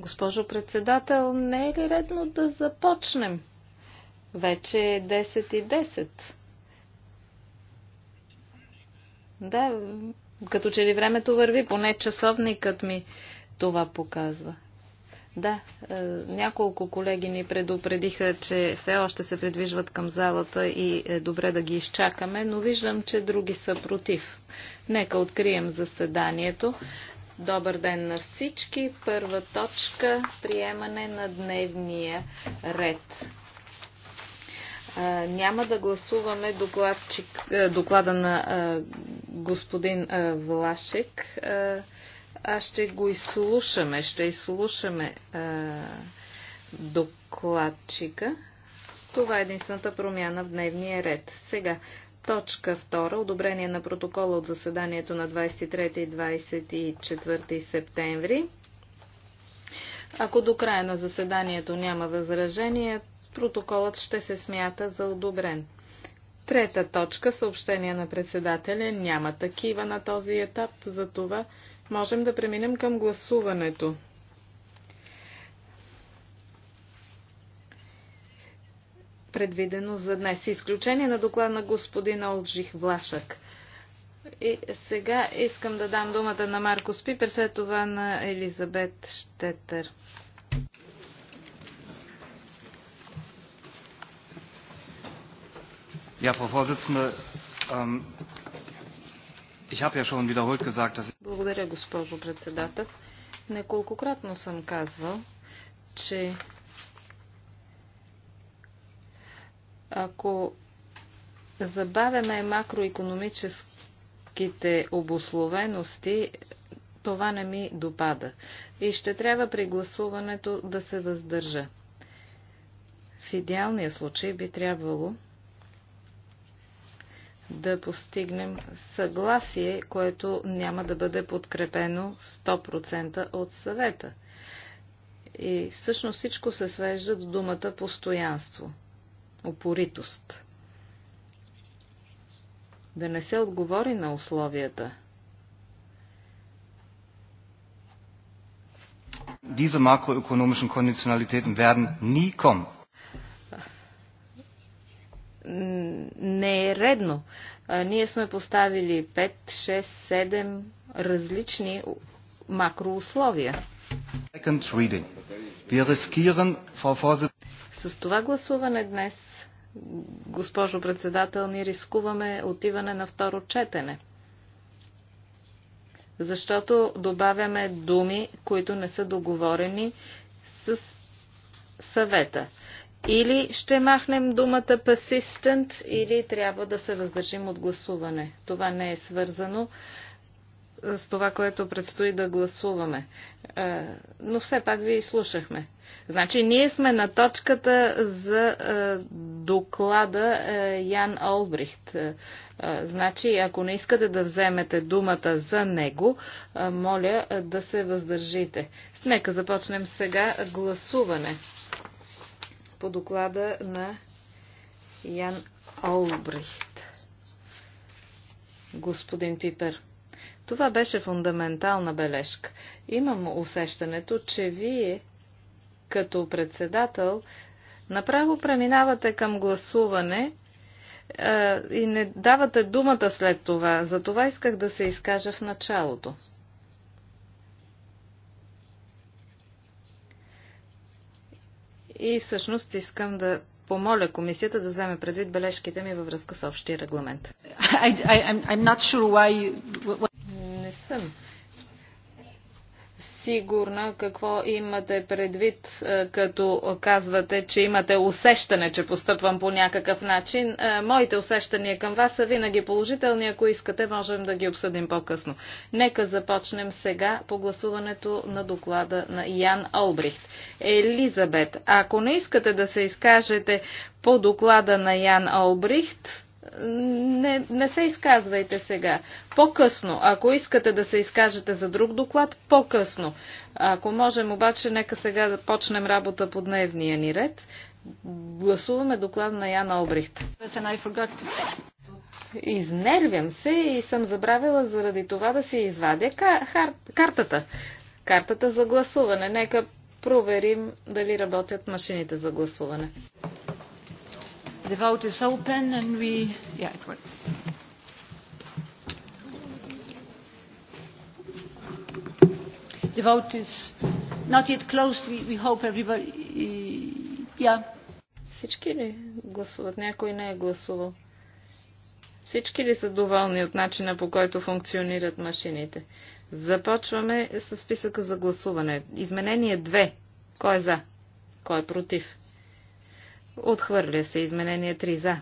Госпожо председател, не е ли редно да започнем? Вече е 10 и 10. Да, като че ли времето върви, поне часовникът ми това показва. Да, е, няколко колеги ни предупредиха, че все още се придвижват към залата и е добре да ги изчакаме, но виждам, че други са против. Нека открием заседанието. Добър ден на всички. Първа точка – приемане на дневния ред. Няма да гласуваме докладчик, доклада на господин Влашек. А ще го изслушаме. Ще изслушаме докладчика. Това е единствената промяна в дневния ред. Сега Точка 2. Одобрение на протокола от заседанието на 23 и 24 септември. Ако до края на заседанието няма възражение, протоколът ще се смята за одобрен. Трета точка. Съобщение на председателя. Няма такива на този етап, затова можем да преминем към гласуването. предвидено за днес. Изключение на доклад на господин Олджих Влашък. И сега искам да дам думата на Марко Спипер, след това на Елизабет Штетър. Ähm, Благодаря, госпожо председател. Неколкократно съм казвал, че Ако забавяме макроекономическите обословености, това не ми допада. И ще трябва при гласуването да се въздържа. В идеалния случай би трябвало да постигнем съгласие, което няма да бъде подкрепено 100% от съвета. И всъщност всичко се свежда до думата постоянство – Опоритост. Да не се отговори на условията. Diese makroökonomischen Konditionalitäten werden nie kommen. Не е редно. Ние сме поставили 5, 6, 7 различни макроусловия. Second reading. Wir riskieren, Frau Vorsitzende, с това гласуване днес, госпожо председател, ни рискуваме отиване на второ четене. Защото добавяме думи, които не са договорени с съвета. Или ще махнем думата persistent, или трябва да се въздържим от гласуване. Това не е свързано с това, което предстои да гласуваме. Е, но все пак ви изслушахме. Значи ние сме на точката за е, доклада е, Ян Олбрихт. Значи, ако не искате да вземете думата за него, моля да се въздържите. Нека започнем сега гласуване по доклада на Ян Олбрихт. Господин Пипер. Това беше фундаментална бележка. Имам усещането, че вие, като председател, направо преминавате към гласуване е, и не давате думата след това. За това исках да се изкажа в началото. И всъщност искам да помоля комисията да вземе предвид бележките ми във връзка с общия регламент. I, I, sure why съм сигурна какво имате предвид, е, като казвате, че имате усещане, че постъпвам по някакъв начин. Е, моите усещания към вас са винаги положителни. Ако искате, можем да ги обсъдим по-късно. Нека започнем сега по гласуването на доклада на Ян Олбрихт. Елизабет, ако не искате да се изкажете по доклада на Ян Олбрихт, не, не се изказвайте сега. По-късно, ако искате да се изкажете за друг доклад, по-късно. Ако можем обаче, нека сега да почнем работа по дневния ни ред. Гласуваме доклад на Яна Обрихт. Изнервям се и съм забравила заради това да си извадя кар... картата. Картата за гласуване. Нека проверим дали работят машините за гласуване. The vote is open and we... Yeah, it works. The vote is not yet closed. We, we hope everybody... Yeah. Всички ли гласуват? Някой не е гласувал. Всички ли са доволни от начина по който функционират машините? Започваме с списъка за гласуване. Изменение 2. Кой е за? Кой е против? Отхвърля се изменение 3 за.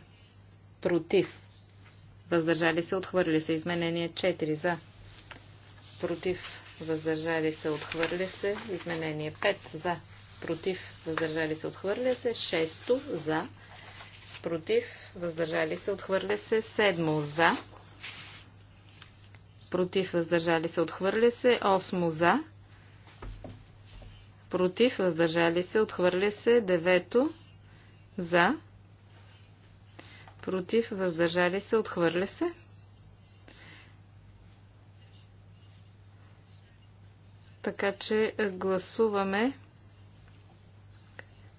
Против. Въздържали се. Отхвърля се изменение 4 за. Против. Въздържали се. Отхвърля се. Изменение 5 за. Против. Въздържали се. Отхвърля се. 6 за. Против. Въздържали се. Отхвърля се. 7 за. Против. Въздържали се. Отхвърля се. 8 за. Против. Въздържали се. Отхвърля се. 9 за. Против. Въздържали се. Отхвърля се. Така че е, гласуваме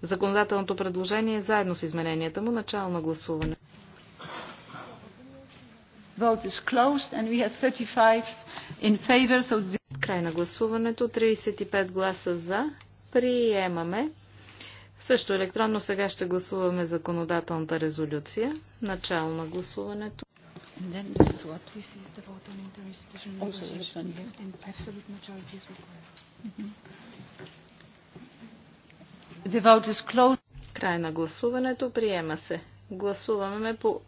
законодателното предложение заедно с измененията му. Начало на гласуване. Vote is closed and we have 35 in favor. So... Край на гласуването. 35 гласа за. Приемаме също електронно сега ще гласуваме законодателната резолюция. Начало на гласуването. Mm-hmm. Край на гласуването. Приема се. Гласуваме по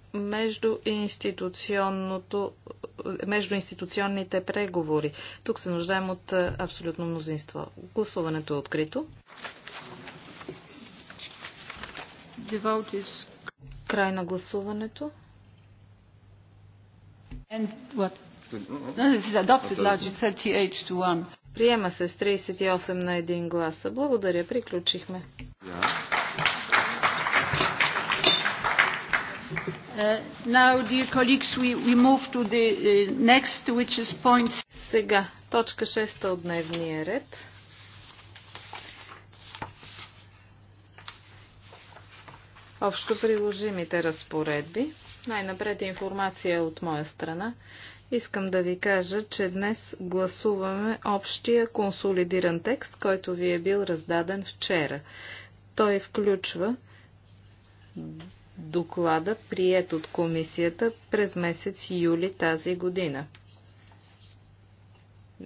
междуинституционните преговори. Тук се нуждаем от абсолютно мнозинство. Гласуването е открито. The vote is... Край на гласуването. And what? No, this is adopted largely 38 to 1. Приема се с 38 на 1 гласа. Благодаря, приключихме. Uh, now, dear colleagues, we, we move to the uh, next, which is point... Сега, точка 6 от дневния ред. общо приложимите разпоредби. Най-напред информация от моя страна. Искам да ви кажа, че днес гласуваме общия консолидиран текст, който ви е бил раздаден вчера. Той включва доклада, прият от комисията през месец юли тази година.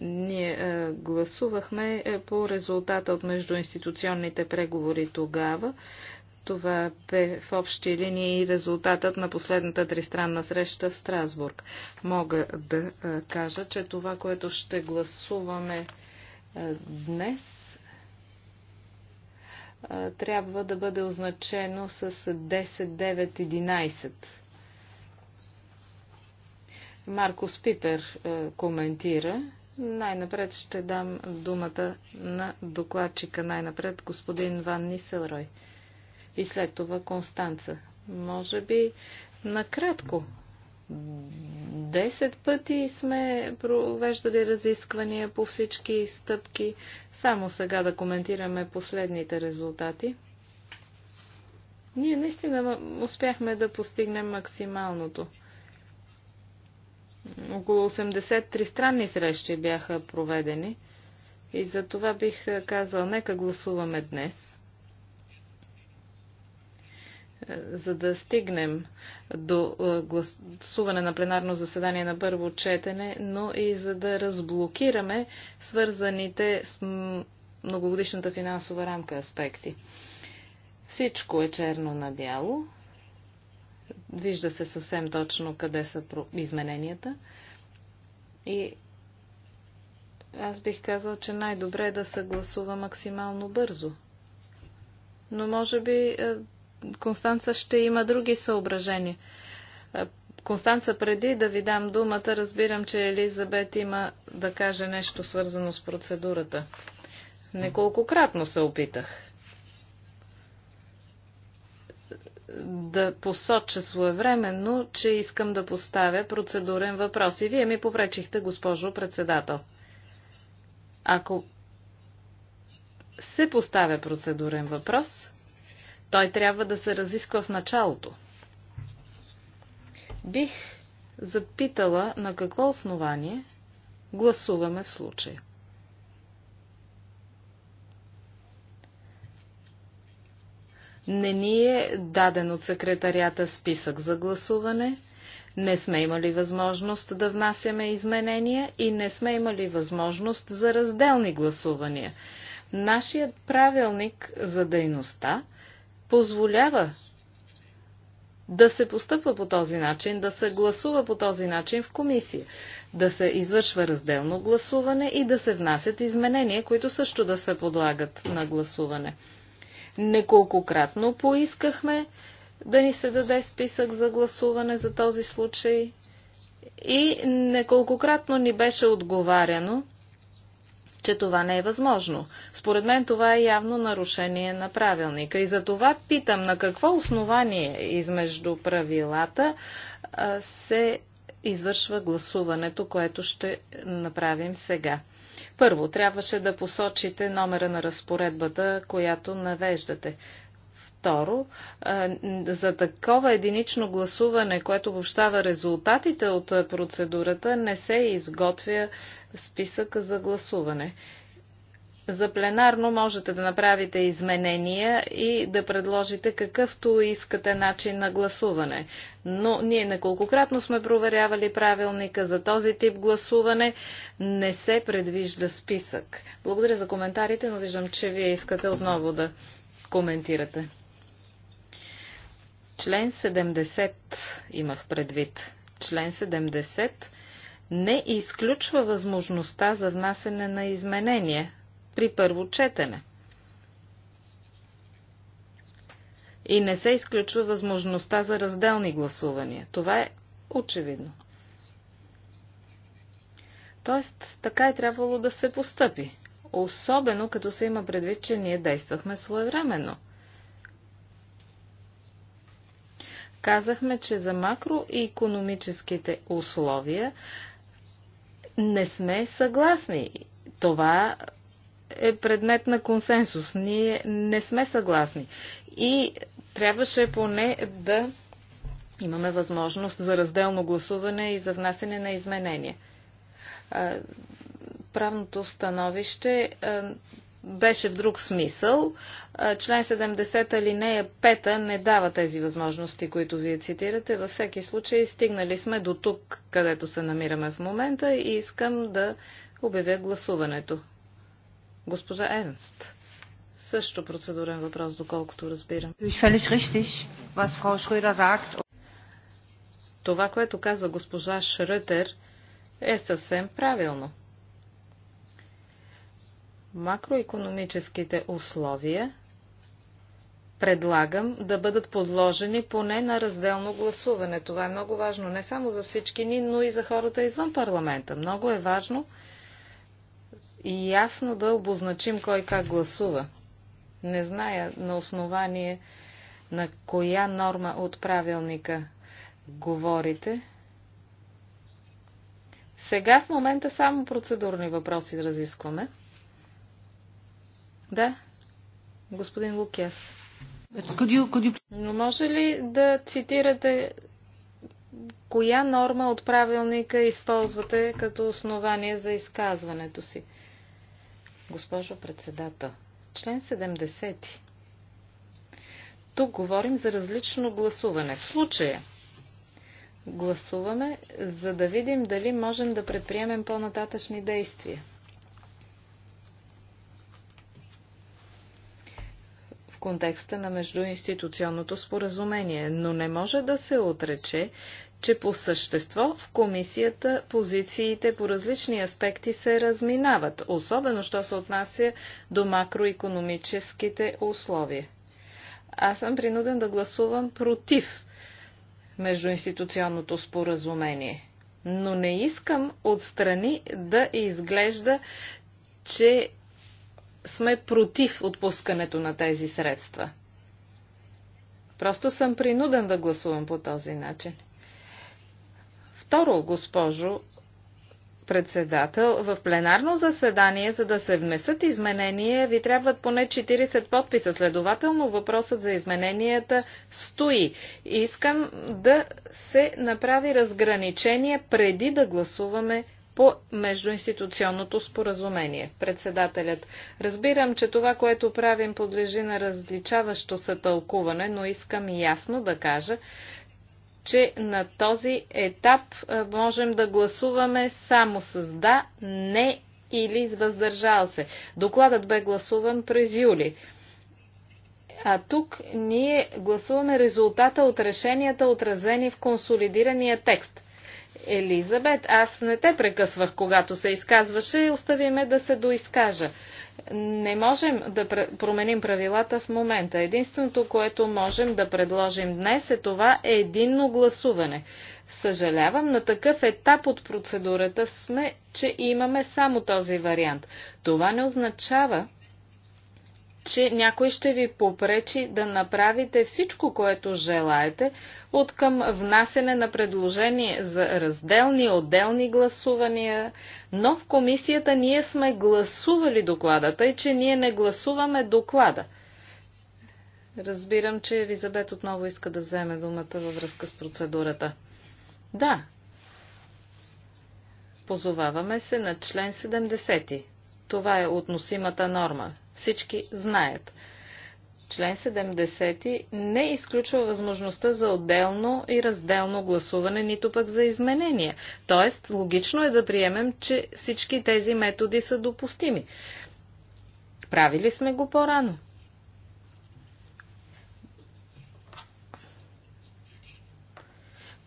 Ние е, гласувахме е, по резултата от междуинституционните преговори тогава. Това бе в общи линии резултатът на последната тристранна среща в Страсбург. Мога да кажа, че това, което ще гласуваме днес, трябва да бъде означено с 10-9-11. Маркус Пипер коментира. Най-напред ще дам думата на докладчика, най-напред господин Ван Ниселрой и след това Констанца. Може би накратко. Десет пъти сме провеждали разисквания по всички стъпки. Само сега да коментираме последните резултати. Ние наистина успяхме да постигнем максималното. Около 83 странни срещи бяха проведени и за това бих казал, нека гласуваме днес – за да стигнем до е, гласуване на пленарно заседание на първо четене, но и за да разблокираме свързаните с многогодишната финансова рамка аспекти. Всичко е черно на бяло. Вижда се съвсем точно къде са измененията. И аз бих казал, че най-добре е да се гласува максимално бързо. Но може би е, Констанца ще има други съображения. Е, Констанца, преди да ви дам думата, разбирам, че Елизабет има да каже нещо свързано с процедурата. Неколкократно се опитах да посоча своевременно, че искам да поставя процедурен въпрос. И вие ми попречихте, госпожо председател. Ако се поставя процедурен въпрос, той трябва да се разисква в началото. Бих запитала на какво основание гласуваме в случая. Не ни е даден от секретарията списък за гласуване, не сме имали възможност да внасяме изменения и не сме имали възможност за разделни гласувания. Нашият правилник за дейността позволява да се постъпва по този начин, да се гласува по този начин в комисия, да се извършва разделно гласуване и да се внасят изменения, които също да се подлагат на гласуване. Неколкократно поискахме да ни се даде списък за гласуване за този случай и неколкократно ни беше отговаряно, че това не е възможно. Според мен това е явно нарушение на правилника. И за това питам на какво основание измежду правилата се извършва гласуването, което ще направим сега. Първо, трябваше да посочите номера на разпоредбата, която навеждате. Второ, за такова единично гласуване, което въобщава резултатите от процедурата, не се изготвя списък за гласуване. За пленарно можете да направите изменения и да предложите какъвто искате начин на гласуване. Но ние неколкократно сме проверявали правилника за този тип гласуване. Не се предвижда списък. Благодаря за коментарите, но виждам, че вие искате отново да коментирате. Член 70 имах предвид. Член 70 не изключва възможността за внасене на изменения при първо четене. И не се изключва възможността за разделни гласувания. Това е очевидно. Тоест, така е трябвало да се постъпи. Особено като се има предвид, че ние действахме своевременно. Казахме, че за макроекономическите условия не сме съгласни. Това е предмет на консенсус. Ние не сме съгласни. И трябваше поне да имаме възможност за разделно гласуване и за внасене на изменения. Правното становище беше в друг смисъл. Член 70 алинея 5 не дава тези възможности, които вие цитирате. Във всеки случай стигнали сме до тук, където се намираме в момента и искам да обявя гласуването. Госпожа Ернст. Също процедурен въпрос, доколкото разбирам. Това, което казва госпожа Шрътер, е съвсем правилно макроекономическите условия предлагам да бъдат подложени поне на разделно гласуване. Това е много важно не само за всички ни, но и за хората извън парламента. Много е важно и ясно да обозначим кой как гласува. Не зная на основание на коя норма от правилника говорите. Сега в момента само процедурни въпроси разискваме. Да да, господин Лукяс. Но може ли да цитирате коя норма от правилника използвате като основание за изказването си? Госпожо председател, член 70. Тук говорим за различно гласуване. В случая гласуваме, за да видим дали можем да предприемем по-нататъчни действия. контекста на междуинституционното споразумение, но не може да се отрече, че по същество в комисията позициите по различни аспекти се разминават, особено що се отнася до макроекономическите условия. Аз съм принуден да гласувам против междуинституционното споразумение, но не искам отстрани да изглежда, че сме против отпускането на тези средства. Просто съм принуден да гласувам по този начин. Второ, госпожо председател, в пленарно заседание, за да се внесат изменения, ви трябват поне 40 подписа. Следователно, въпросът за измененията стои. Искам да се направи разграничение преди да гласуваме по междуинституционното споразумение. Председателят. Разбирам, че това, което правим, подлежи на различаващо се тълкуване, но искам ясно да кажа, че на този етап можем да гласуваме само с да, не или с въздържал се. Докладът бе гласуван през юли. А тук ние гласуваме резултата от решенията, отразени в консолидирания текст. Елизабет, аз не те прекъсвах, когато се изказваше. Остави ме да се доизкажа. Не можем да променим правилата в момента. Единственото, което можем да предложим днес е това е единно гласуване. Съжалявам, на такъв етап от процедурата сме, че имаме само този вариант. Това не означава, че някой ще ви попречи да направите всичко, което желаете, от към внасене на предложение за разделни, отделни гласувания, но в комисията ние сме гласували доклада, тъй че ние не гласуваме доклада. Разбирам, че Елизабет отново иска да вземе думата във връзка с процедурата. Да. Позоваваме се на член 70. Това е относимата норма всички знаят. Член 70 не изключва възможността за отделно и разделно гласуване, нито пък за изменения. Тоест, логично е да приемем, че всички тези методи са допустими. Правили сме го по-рано.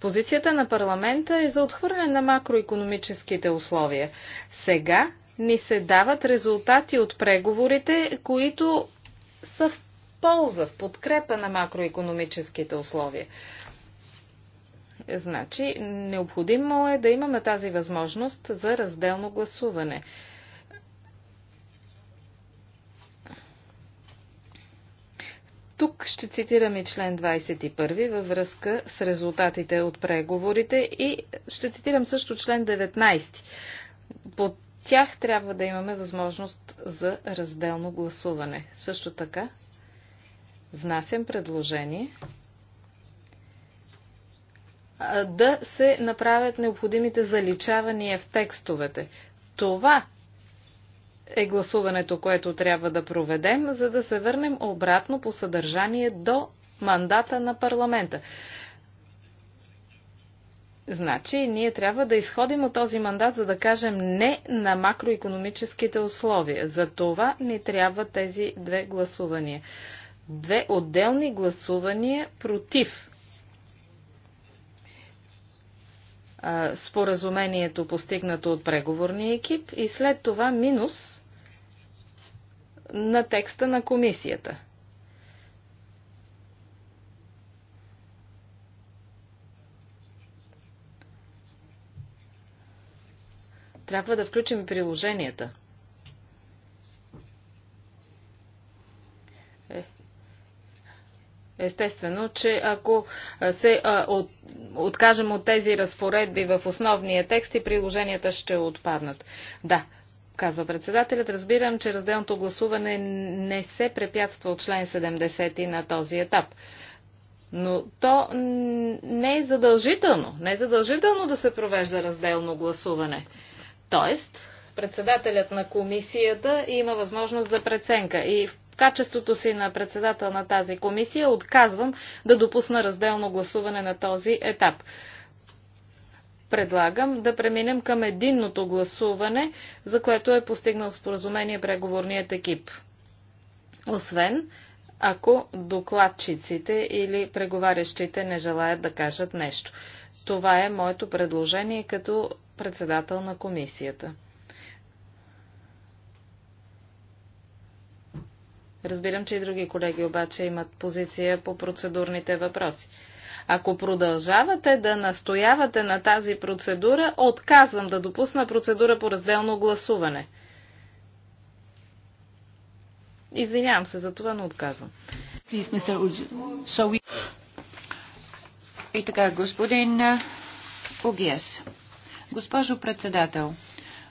Позицията на парламента е за отхвърляне на макроекономическите условия. Сега ни се дават резултати от преговорите, които са в полза, в подкрепа на макроекономическите условия. Значи, необходимо е да имаме тази възможност за разделно гласуване. Тук ще цитирам и член 21 във връзка с резултатите от преговорите и ще цитирам също член 19. По тях трябва да имаме възможност за разделно гласуване. Също така, внасям предложение да се направят необходимите заличавания в текстовете. Това е гласуването, което трябва да проведем, за да се върнем обратно по съдържание до мандата на парламента. Значи, ние трябва да изходим от този мандат, за да кажем не на макроекономическите условия. За това ни трябва тези две гласувания. Две отделни гласувания против споразумението, постигнато от преговорния екип и след това минус на текста на комисията. Трябва да включим приложенията. Е, естествено, че ако се а, от, откажем от тези разпоредби в основния текст и приложенията ще отпаднат. Да, казва председателят. Разбирам, че разделното гласуване не се препятства от член 70 на този етап. Но то не е задължително. Не е задължително да се провежда разделно гласуване. Тоест, председателят на комисията има възможност за преценка. И в качеството си на председател на тази комисия отказвам да допусна разделно гласуване на този етап. Предлагам да преминем към единното гласуване, за което е постигнал споразумение преговорният екип. Освен, ако докладчиците или преговарящите не желаят да кажат нещо. Това е моето предложение като председател на комисията. Разбирам, че и други колеги обаче имат позиция по процедурните въпроси. Ако продължавате да настоявате на тази процедура, отказвам да допусна процедура по разделно гласуване. Извинявам се за това, но отказвам. И така, господин Огиес. Госпожо председател,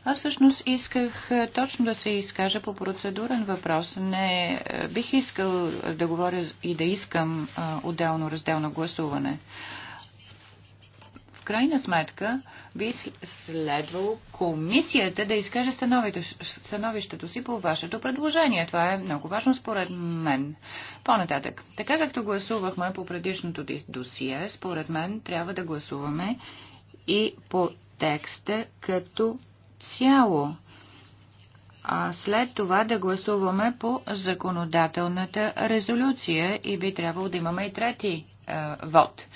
аз всъщност исках е, точно да се изкажа по процедурен въпрос. Не е, бих искал да говоря и да искам е, отделно разделно гласуване. В крайна сметка би следвало комисията да изкаже становището си по вашето предложение. Това е много важно според мен. По-нататък, така както гласувахме по предишното досие, според мен трябва да гласуваме и по текста като цяло, а след това да гласуваме по законодателната резолюция и би трябвало да имаме и трети е, вод.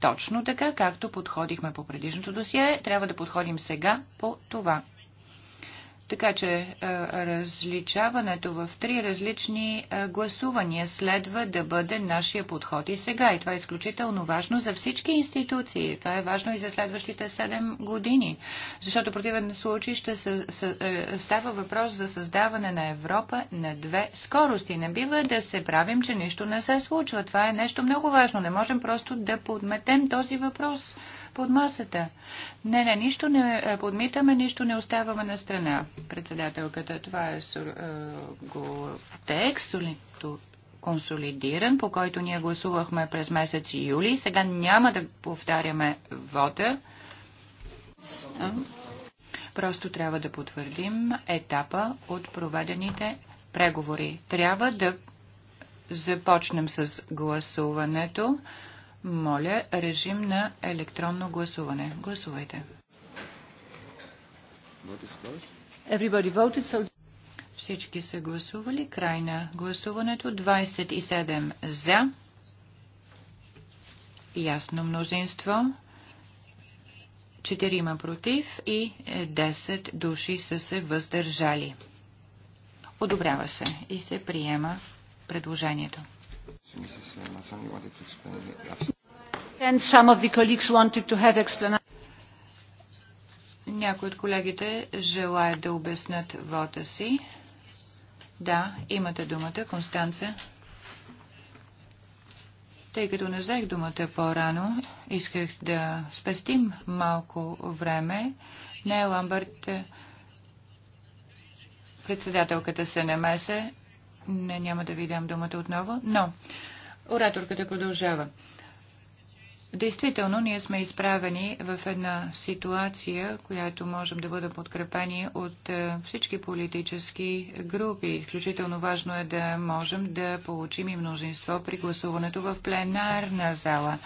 Точно така, както подходихме по предишното досие, трябва да подходим сега по това така че е, различаването в три различни е, гласувания следва да бъде нашия подход и сега. И това е изключително важно за всички институции. Това е важно и за следващите 7 години. Защото противен случай ще се, се, е, става въпрос за създаване на Европа на две скорости. Не бива да се правим, че нищо не се случва. Това е нещо много важно. Не можем просто да подметем този въпрос под масата. Не, не, нищо не е, подмитаме, нищо не оставаме на страна. Председателката, това е, е го, текст, консолидиран, по който ние гласувахме през месец юли. Сега няма да повтаряме вода. Просто трябва да потвърдим етапа от проведените преговори. Трябва да започнем с гласуването. Моля, режим на електронно гласуване. Гласувайте. Всички са гласували. Край на гласуването. 27 за. Ясно мнозинство. 4 против и 10 души са се въздържали. Одобрява се и се приема предложението. Някои от колегите желаят да обяснат вота си. Да, имате думата, Констанция. Тъй като не взех думата по-рано, исках да спестим малко време. Не, Ламбърт, председателката се намесе. Не, няма да ви дам думата отново, но ораторката продължава. Действително, ние сме изправени в една ситуация, която можем да бъде подкрепени от е, всички политически групи. Изключително важно е да можем да получим и мнозинство при гласуването в пленарна зала.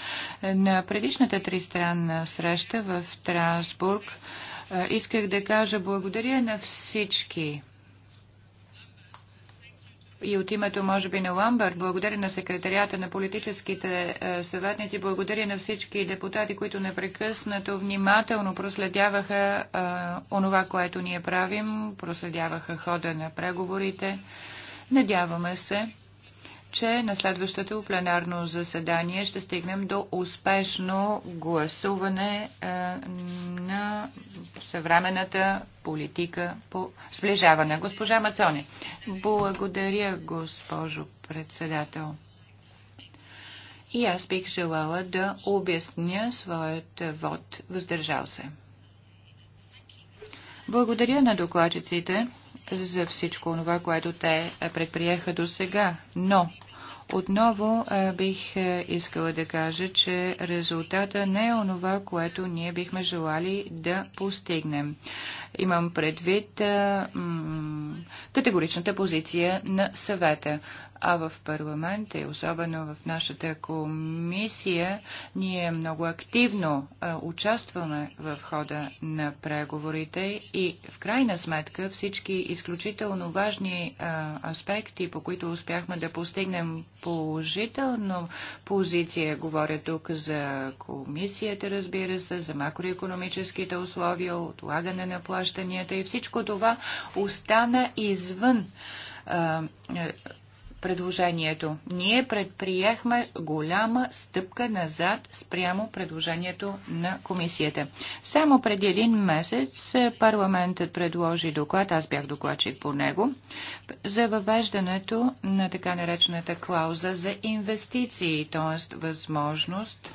На предишната тристранна среща в Трасбург е, исках да кажа благодаря на всички и от името, може би, на Ламбърт. Благодаря на секретарията, на политическите е, съветници, благодаря на всички депутати, които непрекъснато внимателно проследяваха а, е, онова, което ние правим, проследяваха хода на преговорите. Надяваме се, че на следващото пленарно заседание ще стигнем до успешно гласуване е, на съвременната политика по сближаване. Госпожа Мацони. Благодаря, госпожо председател. И аз бих желала да обясня своят вод въздържал се. Благодаря на докладчиците за всичко това, което те е, предприеха до сега. Но отново е, бих е, искала да кажа, че резултата не е онова, което ние бихме желали да постигнем. Имам предвид категоричната позиция на съвета. А в парламента и особено в нашата комисия ние много активно участваме в хода на преговорите и в крайна сметка всички изключително важни аспекти, по които успяхме да постигнем положително позиция, говоря тук за комисията, разбира се, за макроекономическите условия, отлагане на план плащанията и всичко това остана извън а, е, предложението. Ние предприехме голяма стъпка назад спрямо предложението на комисията. Само преди един месец е, парламентът предложи доклад, аз бях докладчик по него, за въвеждането на така наречената клауза за инвестиции, т.е. възможност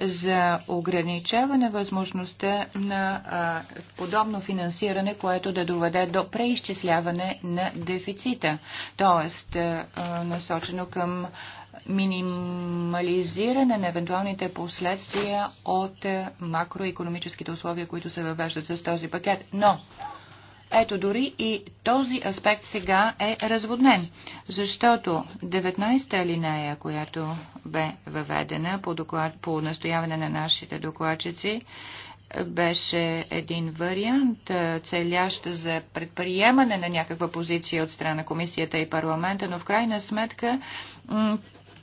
за ограничаване възможността на а, подобно финансиране, което да доведе до преизчисляване на дефицита, т.е. насочено към минимализиране на евентуалните последствия от макроекономическите условия, които се въвеждат с този пакет. Но ето дори и този аспект сега е разводнен, защото 19-та алинея, която бе въведена по, доклад, по настояване на нашите докладчици, беше един вариант, целящ за предприемане на някаква позиция от страна комисията и парламента, но в крайна сметка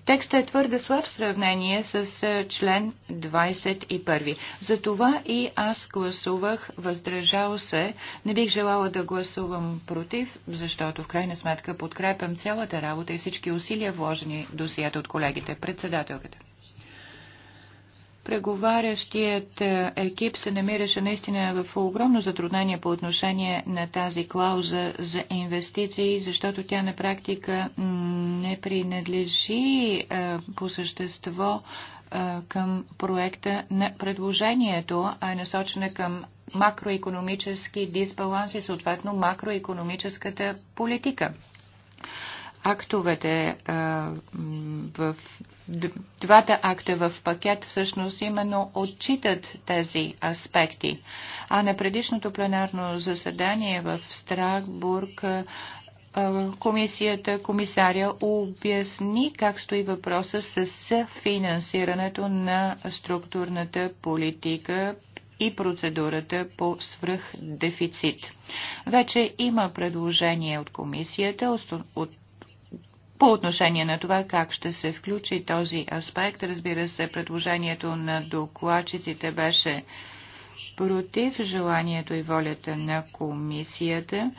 Текстът е твърде слаб в сравнение с е, член 21. Затова и аз гласувах въздържал се. Не бих желала да гласувам против, защото в крайна сметка подкрепям цялата работа и всички усилия вложени до досията от колегите. Председателката. Преговарящият е, екип се намираше наистина в огромно затруднение по отношение на тази клауза за инвестиции, защото тя на практика не принадлежи е, по същество е, към проекта на предложението, а е насочена към макроекономически дисбаланс и съответно макроекономическата политика актовете в двата акта в пакет всъщност именно отчитат тези аспекти. А на предишното пленарно заседание в Страсбург комисията, комисаря обясни как стои въпроса с финансирането на структурната политика и процедурата по свръхдефицит. Вече има предложение от комисията от по отношение на това как ще се включи този аспект, разбира се, предложението на докладчиците беше против желанието и волята на комисията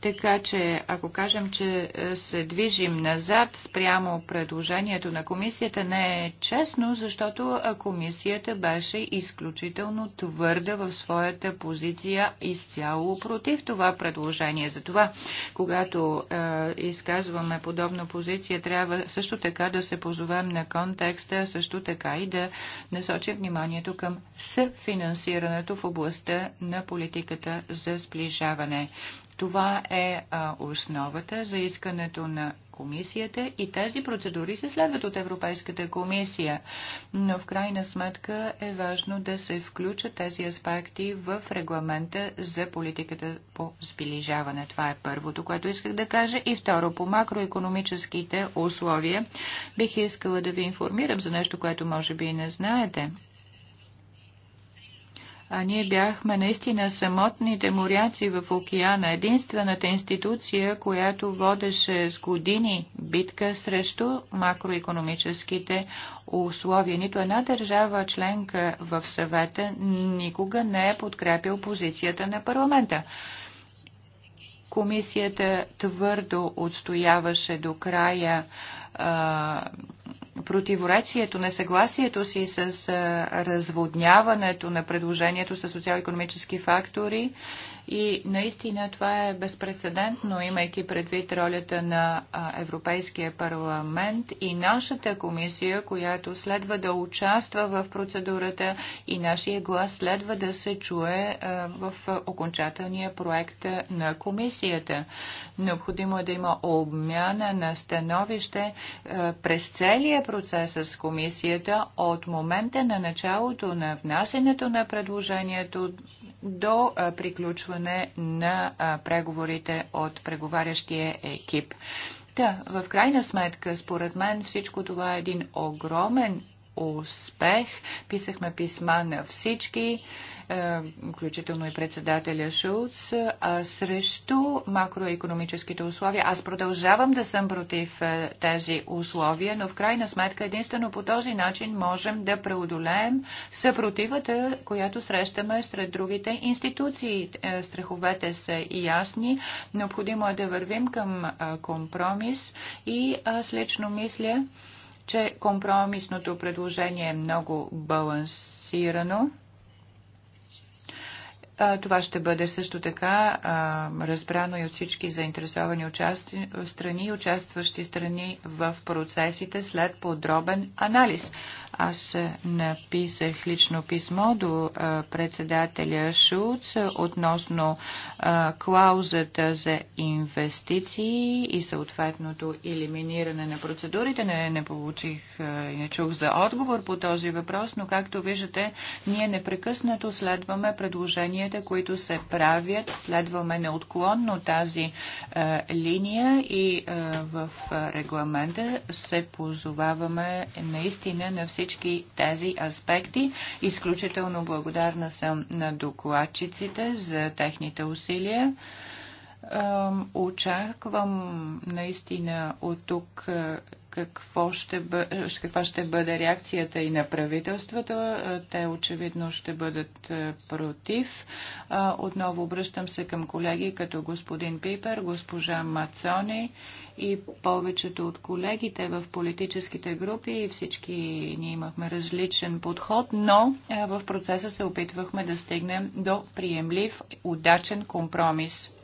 така че, ако кажем, че е, се движим назад спрямо предложението на комисията, не е честно, защото комисията беше изключително твърда в своята позиция изцяло против това предложение. Затова, когато е, изказваме подобна позиция, трябва също така да се позовем на контекста, също така и да насочим вниманието към съфинансирането в областта на политиката за сближаване. Това е а, основата за искането на комисията и тези процедури се следват от Европейската комисия. Но в крайна сметка е важно да се включат тези аспекти в регламента за политиката по сближаване. Това е първото, което исках да кажа. И второ, по макроекономическите условия бих искала да ви информирам за нещо, което може би и не знаете а ние бяхме наистина самотните моряци в океана. Единствената институция, която водеше с години битка срещу макроекономическите условия. Нито една държава членка в съвета никога не е подкрепил позицията на парламента. Комисията твърдо отстояваше до края а, противоречието, несъгласието си с разводняването на предложението с социал-економически фактори и наистина това е безпредседентно, имайки предвид ролята на Европейския парламент и нашата комисия, която следва да участва в процедурата и нашия глас следва да се чуе в окончателния проект на комисията. Необходимо е да има обмяна на становище през целия процес с комисията от момента на началото на внасенето на предложението до приключване приключване на преговорите от преговарящия екип. Да, в крайна сметка, според мен, всичко това е един огромен успех. Писахме писма на всички, е, включително и председателя Шулц, е, срещу макроекономическите условия. Аз продължавам да съм против е, тези условия, но в крайна сметка единствено по този начин можем да преодолеем съпротивата, която срещаме сред другите институции. Страховете са и ясни. Необходимо е да вървим към компромис и аз лично мисля, че компромисното предложение е много балансирано. Това ще бъде също така разбрано и от всички заинтересовани участи... страни, участващи страни в процесите след подробен анализ. Аз написах лично писмо до председателя Шуц относно клаузата за инвестиции и съответното елиминиране на процедурите. Не, не получих и не чух за отговор по този въпрос, но както виждате, ние непрекъснато следваме предложенията, които се правят, следваме неотклонно тази е, линия и е, в регламента се позоваваме наистина на всички всички тези аспекти. Изключително благодарна съм на докладчиците за техните усилия. Очаквам наистина от тук какво ще бъ... каква ще бъде реакцията и на правителството. Те очевидно ще бъдат против. Отново обръщам се към колеги като господин Пипер, госпожа Мацони и повечето от колегите в политическите групи. Всички ние имахме различен подход, но в процеса се опитвахме да стигнем до приемлив, удачен компромис.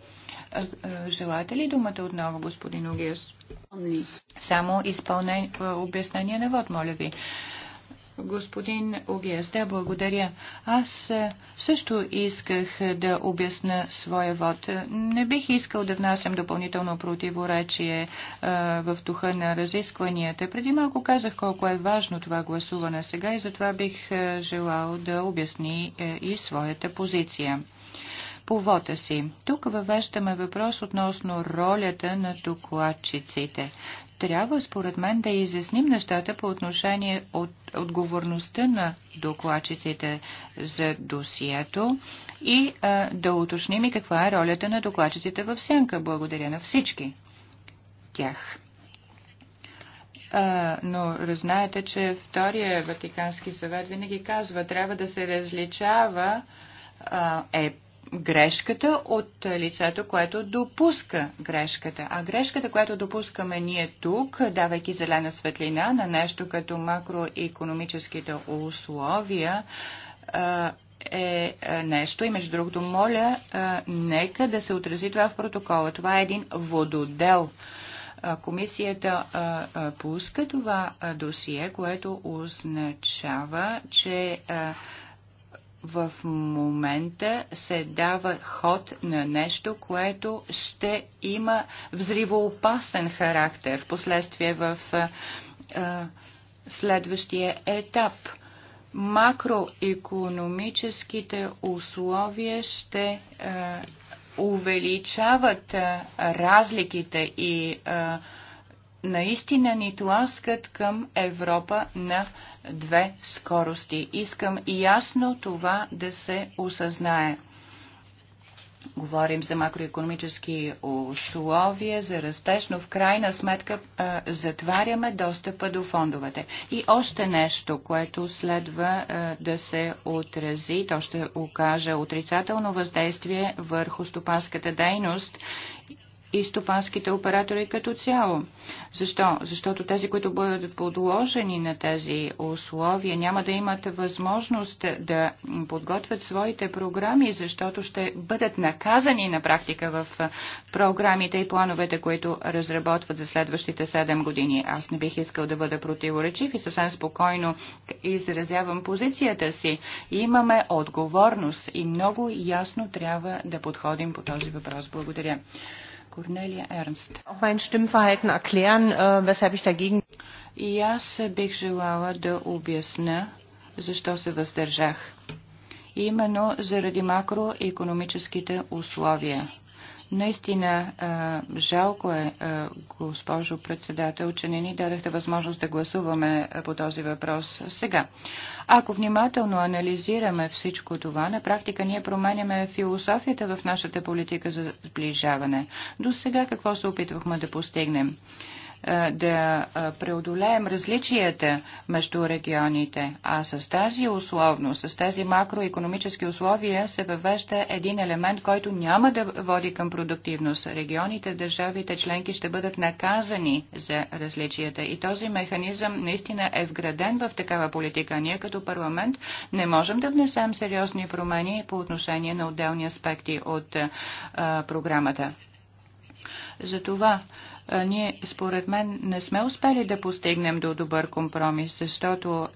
Желаете ли думата отново, господин Огиас? Само изпълнение, обяснение на вод, моля ви. Господин Огиас, да, благодаря. Аз е, също исках е, да обясна своя вод. Не бих искал да внасям допълнително противоречие а, е, в духа на разискванията. Преди малко казах колко е важно това гласуване сега и затова бих желал да обясни и своята позиция повода си. Тук въвеждаме въпрос относно ролята на докладчиците. Трябва, според мен, да изясним нещата по отношение от отговорността на докладчиците за досието и а, да уточним и каква е ролята на докладчиците в сянка. Благодаря на всички тях но знаете, че Втория Ватикански съвет винаги казва, трябва да се различава е, грешката от лицето, което допуска грешката. А грешката, която допускаме ние тук, давайки зелена светлина на нещо като макроекономическите условия, е нещо и между другото моля, нека да се отрази това в протокола. Това е един вододел комисията пуска това досие, което означава, че в момента се дава ход на нещо, което ще има взривоопасен характер в последствие в а, следващия етап. Макроекономическите условия ще а, увеличават а, разликите и а, наистина ни тласкат към Европа на две скорости. Искам ясно това да се осъзнае. Говорим за макроекономически условия, за растеж, но в крайна сметка затваряме достъпа до фондовете. И още нещо, което следва да се отрази, то ще окаже отрицателно въздействие върху стопанската дейност и стопанските оператори като цяло. Защо? Защото тези, които бъдат подложени на тези условия, няма да имат възможност да подготвят своите програми, защото ще бъдат наказани на практика в програмите и плановете, които разработват за следващите 7 години. Аз не бих искал да бъда противоречив и съвсем спокойно изразявам позицията си. Имаме отговорност и много ясно трябва да подходим по този въпрос. Благодаря. Корнелия Ернст. Äh, И аз бих желала да обясня защо се въздържах. Именно заради макроекономическите условия. Наистина жалко е, госпожо председател, че не ни дадахте възможност да гласуваме по този въпрос сега. Ако внимателно анализираме всичко това, на практика ние променяме философията в нашата политика за сближаване. До сега какво се опитвахме да постигнем? Е, да е, преодолеем различията между регионите, а с тази условност, с тези макроекономически условия се въвежда един елемент, който няма да води към продуктивност. Регионите, държавите, членки ще бъдат наказани за различията и този механизъм наистина е вграден в такава политика. Ние като парламент не можем да внесем сериозни промени по отношение на отделни аспекти от а, е, програмата. Затова ние според мен не сме успели да постигнем до добър компромис, защото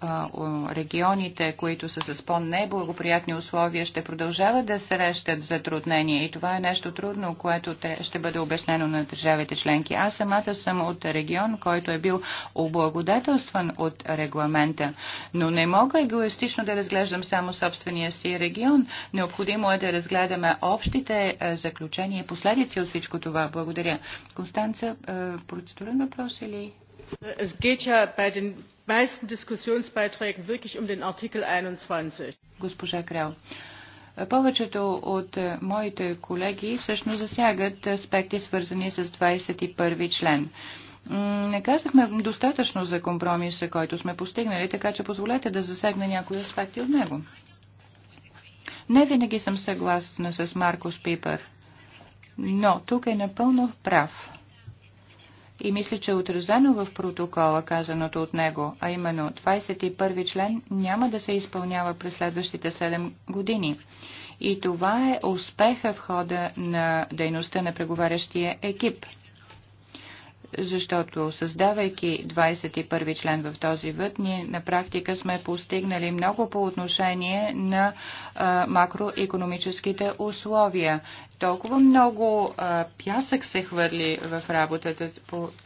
регионите, които са с по-неблагоприятни условия, ще продължават да срещат затруднения и това е нещо трудно, което ще бъде обяснено на държавите членки. Аз самата съм от регион, който е бил облагодателстван от регламента, но не мога егоистично да разглеждам само собствения си регион. Необходимо е да разгледаме общите заключения и последици от всичко това. Благодаря. Констанца е, процедурен въпрос или? Es geht ja bei den meisten Diskussionsbeiträgen wirklich um den Artikel 21. Госпожа Крел. Е, повечето от е, моите колеги всъщност засягат аспекти, свързани с 21 член. Не казахме достатъчно за компромиса, който сме постигнали, така че позволете да засегна някои аспекти от него. Не винаги съм съгласна с Маркос Пипър, но тук е напълно прав и мисля, че е отразено в протокола казаното от него, а именно 21 член няма да се изпълнява през следващите 7 години. И това е успеха в хода на дейността на преговарящия екип защото създавайки 21 член в този вид, ние на практика сме постигнали много по отношение на макроекономическите условия. Толкова много пясък се хвърли в работата,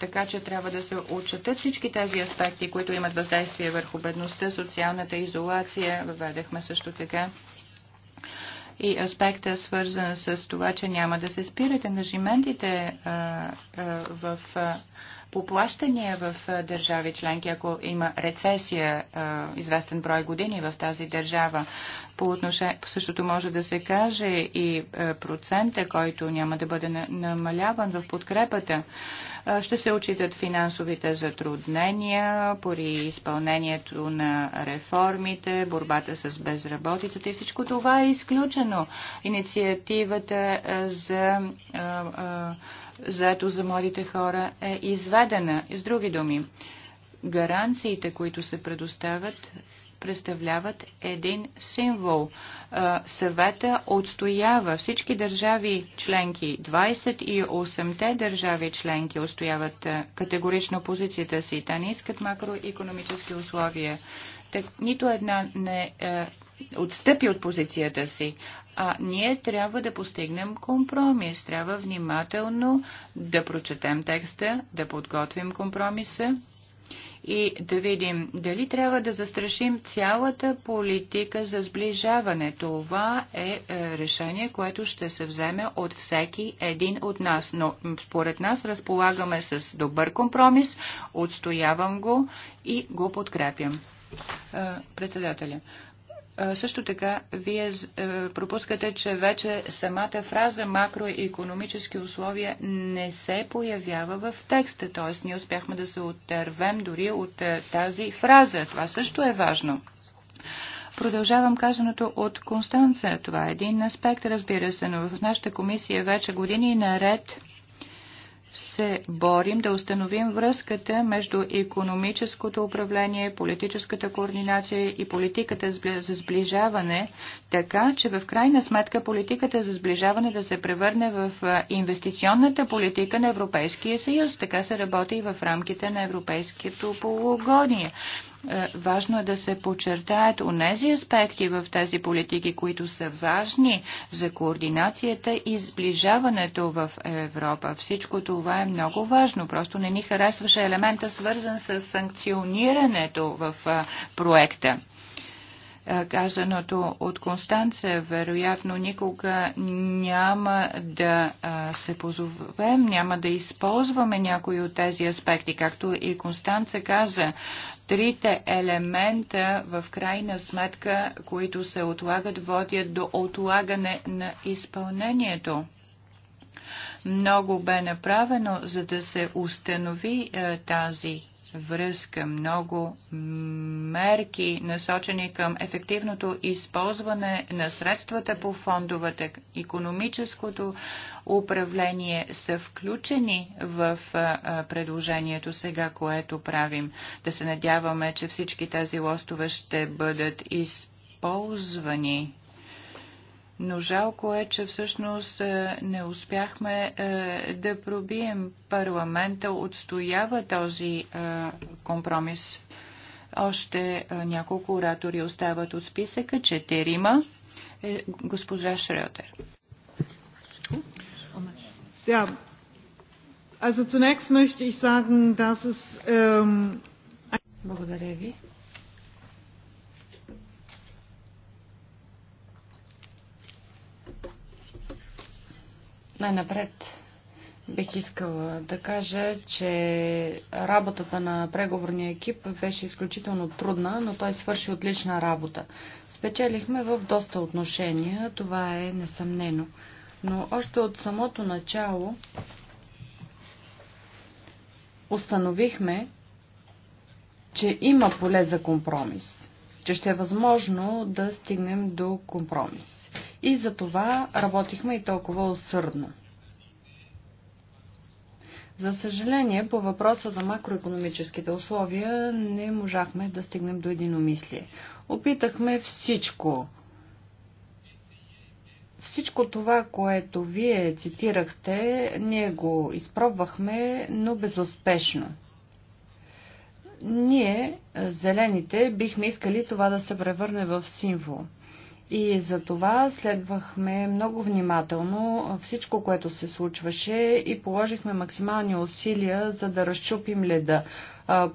така че трябва да се отчетат всички тези аспекти, които имат въздействие върху бедността, социалната изолация. Въведахме също така и аспекта свързан с това, че няма да се спират ангажиментите в поплащания в държави членки, ако има рецесия известен брой години в тази държава. По отношение, същото може да се каже и процента, който няма да бъде намаляван в подкрепата. Ще се очитат финансовите затруднения при изпълнението на реформите, борбата с безработицата и всичко това е изключено. Инициативата за заето за младите хора е изведена. С други думи, гаранциите, които се предоставят, представляват един символ. Съвета отстоява всички държави членки, 28-те държави членки отстояват категорично позицията си. Те не искат макроекономически условия. Так, нито една не е, отстъпи от позицията си. А ние трябва да постигнем компромис. Трябва внимателно да прочетем текста, да подготвим компромиса и да видим дали трябва да застрашим цялата политика за сближаване. Това е, е решение, което ще се вземе от всеки един от нас. Но според нас разполагаме с добър компромис, отстоявам го и го подкрепям. Е, председателя, е, също така, вие е, пропускате, че вече самата фраза макроекономически условия не се появява в текста, т.е. ние успяхме да се отървем дори от е, тази фраза. Това също е важно. Продължавам казаното от Констанция. Това е един аспект, разбира се, но в нашата комисия вече години наред се борим да установим връзката между економическото управление, политическата координация и политиката за сближаване, така че в крайна сметка политиката за сближаване да се превърне в инвестиционната политика на Европейския съюз. Така се работи и в рамките на Европейското полугодие. Е, важно е да се подчертаят онези аспекти в тези политики, които са важни за координацията и сближаването в Европа. Всичко това е много важно. Просто не ни харесваше елемента, свързан с санкционирането в е, проекта. Е, казаното от Констанция, вероятно никога няма да е, се позовем, няма да използваме някои от тези аспекти. Както и Констанция каза, трите елемента в крайна сметка, които се отлагат, водят до отлагане на изпълнението много бе направено, за да се установи е, тази връзка, много мерки, насочени към ефективното използване на средствата по фондовете, економическото управление са включени в предложението сега, което правим. Да се надяваме, че всички тези лостове ще бъдат използвани но жалко е, че всъщност е, не успяхме е, да пробием парламента, отстоява този е, компромис. Още няколко оратори остават от списъка. Четирима. Госпожа Шреотер. Ja, also zunächst möchte ich sagen, dass es ähm, Благодаря ви. Най-напред бих искала да кажа, че работата на преговорния екип беше изключително трудна, но той свърши отлична работа. Спечелихме в доста отношения, това е несъмнено. Но още от самото начало установихме, че има поле за компромис, че ще е възможно да стигнем до компромис. И за това работихме и толкова усърдно. За съжаление, по въпроса за макроекономическите условия не можахме да стигнем до единомислие. Опитахме всичко. Всичко това, което вие цитирахте, ние го изпробвахме, но безуспешно. Ние, зелените, бихме искали това да се превърне в символ – и за това следвахме много внимателно всичко, което се случваше и положихме максимални усилия, за да разчупим леда.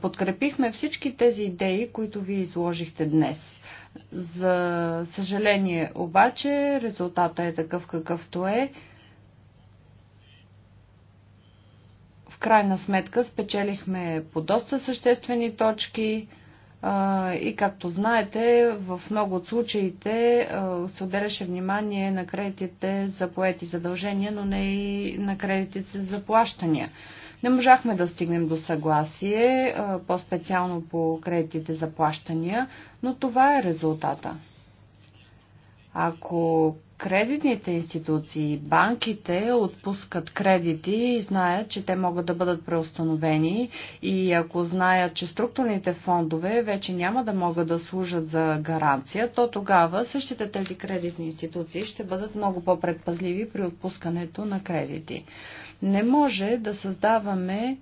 Подкрепихме всички тези идеи, които ви изложихте днес. За съжаление обаче, резултата е такъв какъвто е. В крайна сметка спечелихме по доста съществени точки – и както знаете, в много от случаите се отделяше внимание на кредитите за поети задължения, но не и на кредитите за плащания. Не можахме да стигнем до съгласие, по-специално по кредитите за плащания, но това е резултата. Ако кредитните институции, банките отпускат кредити и знаят, че те могат да бъдат преустановени и ако знаят, че структурните фондове вече няма да могат да служат за гаранция, то тогава същите тези кредитни институции ще бъдат много по-предпазливи при отпускането на кредити. Не може да създаваме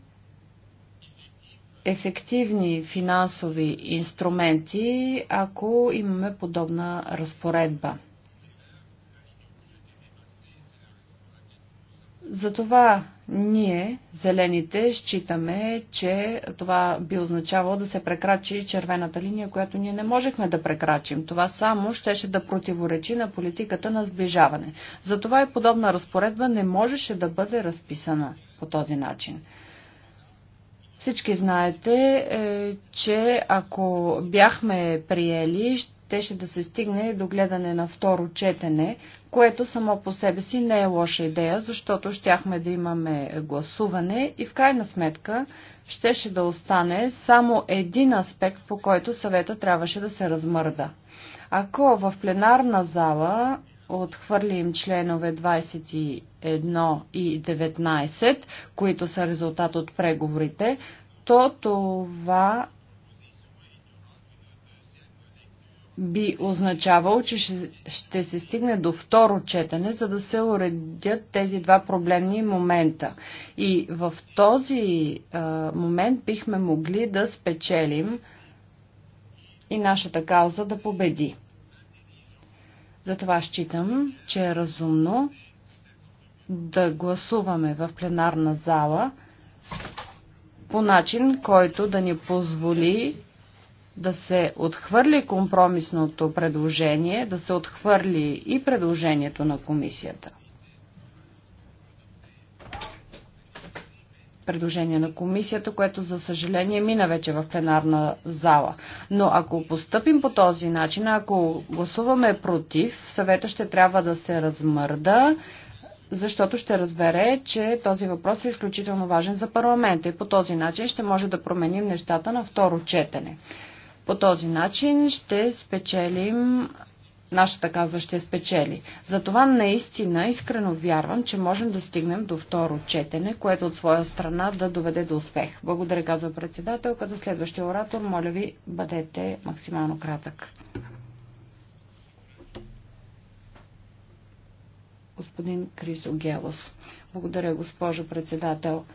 ефективни финансови инструменти, ако имаме подобна разпоредба. Затова ние, зелените, считаме, че това би означавало да се прекрачи червената линия, която ние не можехме да прекрачим. Това само щеше да противоречи на политиката на сближаване. Затова и подобна разпоредба не можеше да бъде разписана по този начин. Всички знаете, е, че ако бяхме приели, щеше да се стигне до гледане на второ четене, което само по себе си не е лоша идея, защото щяхме да имаме гласуване и в крайна сметка щеше да остане само един аспект, по който съвета трябваше да се размърда. Ако в пленарна зала отхвърлим членове 21 и 19, които са резултат от преговорите, то това би означавал, че ще се стигне до второ четене, за да се уредят тези два проблемни момента. И в този а, момент бихме могли да спечелим и нашата кауза да победи. Затова считам, че е разумно да гласуваме в пленарна зала по начин, който да ни позволи да се отхвърли компромисното предложение, да се отхвърли и предложението на комисията. предложение на комисията, което за съжаление мина вече в пленарна зала. Но ако постъпим по този начин, ако гласуваме против, съвета ще трябва да се размърда, защото ще разбере, че този въпрос е изключително важен за парламента и по този начин ще може да променим нещата на второ четене. По този начин ще спечелим нашата кауза ще спечели. Затова наистина искрено вярвам, че можем да стигнем до второ четене, което от своя страна да доведе до успех. Благодаря, казва председател. Като следващия оратор, моля ви, бъдете максимално кратък. Господин Крисо Гелос, Благодаря, госпожо председател.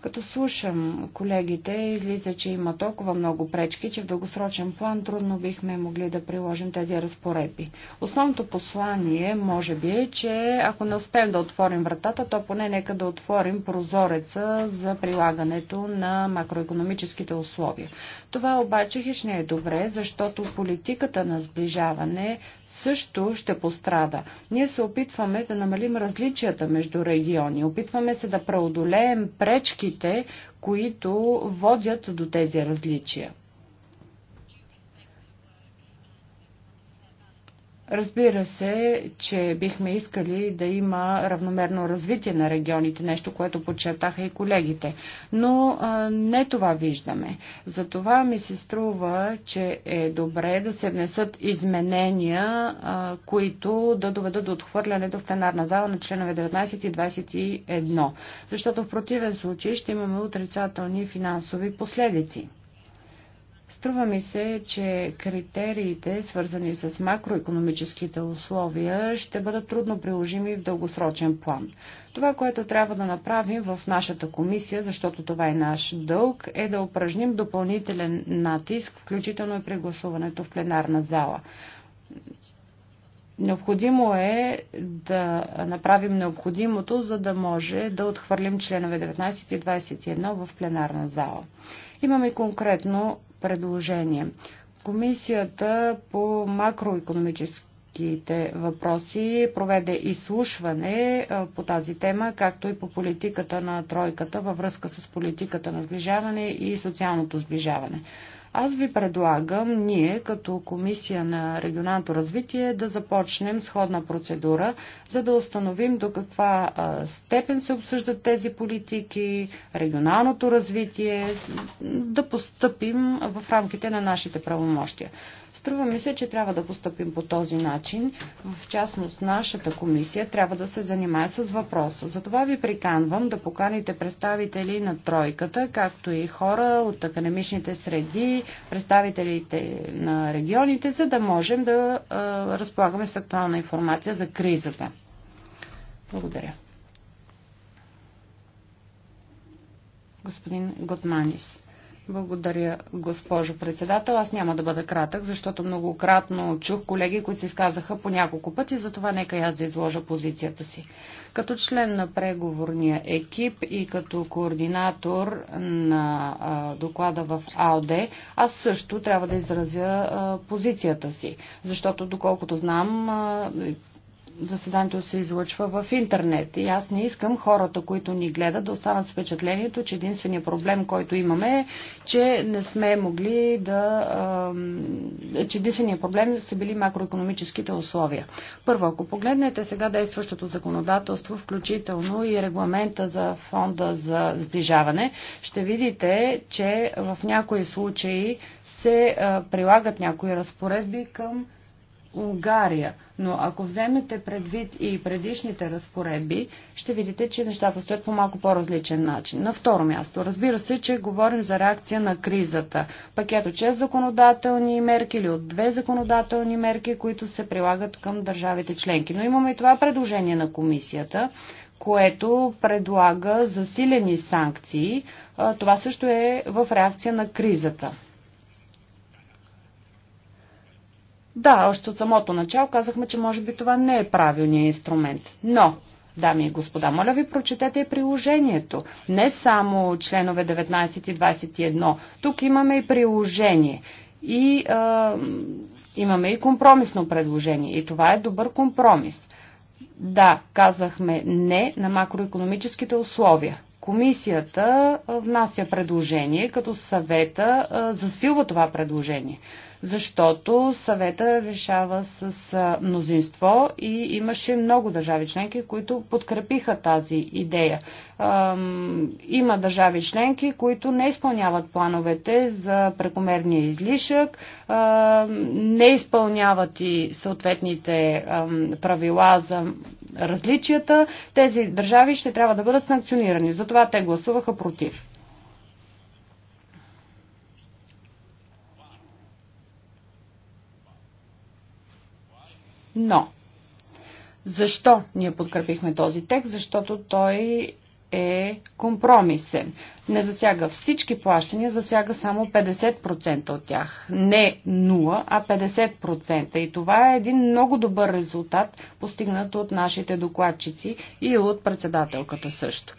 Като слушам колегите, излиза, че има толкова много пречки, че в дългосрочен план трудно бихме могли да приложим тези разпоредби. Основното послание, може би, е, че ако не успеем да отворим вратата, то поне нека да отворим прозореца за прилагането на макроекономическите условия. Това обаче хищ не е добре, защото политиката на сближаване също ще пострада. Ние се опитваме да намалим различията между региони, опитваме се да преодолеем пречки причините, които водят до тези различия. Разбира се, че бихме искали да има равномерно развитие на регионите, нещо, което подчертаха и колегите. Но а, не това виждаме. Затова ми се струва, че е добре да се внесат изменения, а, които да доведат до отхвърлянето в пленарна зала на членове 19 и 21. Защото в противен случай ще имаме отрицателни финансови последици. Струва ми се, че критериите, свързани с макроекономическите условия, ще бъдат трудно приложими в дългосрочен план. Това, което трябва да направим в нашата комисия, защото това е наш дълг, е да упражним допълнителен натиск, включително и при гласуването в пленарна зала. Необходимо е да направим необходимото, за да може да отхвърлим членове 19 и 21 в пленарна зала. Имаме конкретно предложение. Комисията по макроекономическите въпроси проведе изслушване по тази тема, както и по политиката на тройката във връзка с политиката на сближаване и социалното сближаване. Аз ви предлагам ние, като Комисия на регионалното развитие, да започнем сходна процедура, за да установим до каква степен се обсъждат тези политики, регионалното развитие, да постъпим в рамките на нашите правомощия. Струва ми се, че трябва да поступим по този начин. В частност, нашата комисия трябва да се занимае с въпроса. Затова ви приканвам да поканите представители на тройката, както и хора от академичните среди, представителите на регионите, за да можем да разполагаме с актуална информация за кризата. Благодаря. Господин Готманис. Благодаря, госпожо председател. Аз няма да бъда кратък, защото многократно чух колеги, които се изказаха по няколко пъти, затова нека и аз да изложа позицията си. Като член на преговорния екип и като координатор на доклада в АОД, аз също трябва да изразя позицията си, защото доколкото знам, заседанието се излъчва в интернет. И аз не искам хората, които ни гледат, да останат с впечатлението, че единственият проблем, който имаме е, че не сме могли да... че единственият проблем са били макроекономическите условия. Първо, ако погледнете сега действащото законодателство, включително и регламента за фонда за сближаване, ще видите, че в някои случаи се прилагат някои разпоредби към Унгария. Но ако вземете предвид и предишните разпоредби, ще видите, че нещата стоят по малко по-различен начин. На второ място, разбира се, че говорим за реакция на кризата. Пакет от 6 законодателни мерки или от 2 законодателни мерки, които се прилагат към държавите членки. Но имаме и това предложение на комисията, което предлага засилени санкции. Това също е в реакция на кризата. Да, още от самото начало казахме, че може би това не е правилният инструмент. Но, дами и господа, моля ви, прочетете и приложението. Не само членове 19 и 21. Тук имаме и приложение. И а, имаме и компромисно предложение. И това е добър компромис. Да, казахме не на макроекономическите условия. Комисията внася предложение, като съвета засилва това предложение защото съвета решава с мнозинство и имаше много държави членки, които подкрепиха тази идея. Има държави членки, които не изпълняват плановете за прекомерния излишък, не изпълняват и съответните правила за различията. Тези държави ще трябва да бъдат санкционирани. Затова те гласуваха против. Но, защо ние подкрепихме този текст? Защото той е компромисен. Не засяга всички плащания, засяга само 50% от тях. Не 0, а 50%. И това е един много добър резултат, постигнат от нашите докладчици и от председателката също.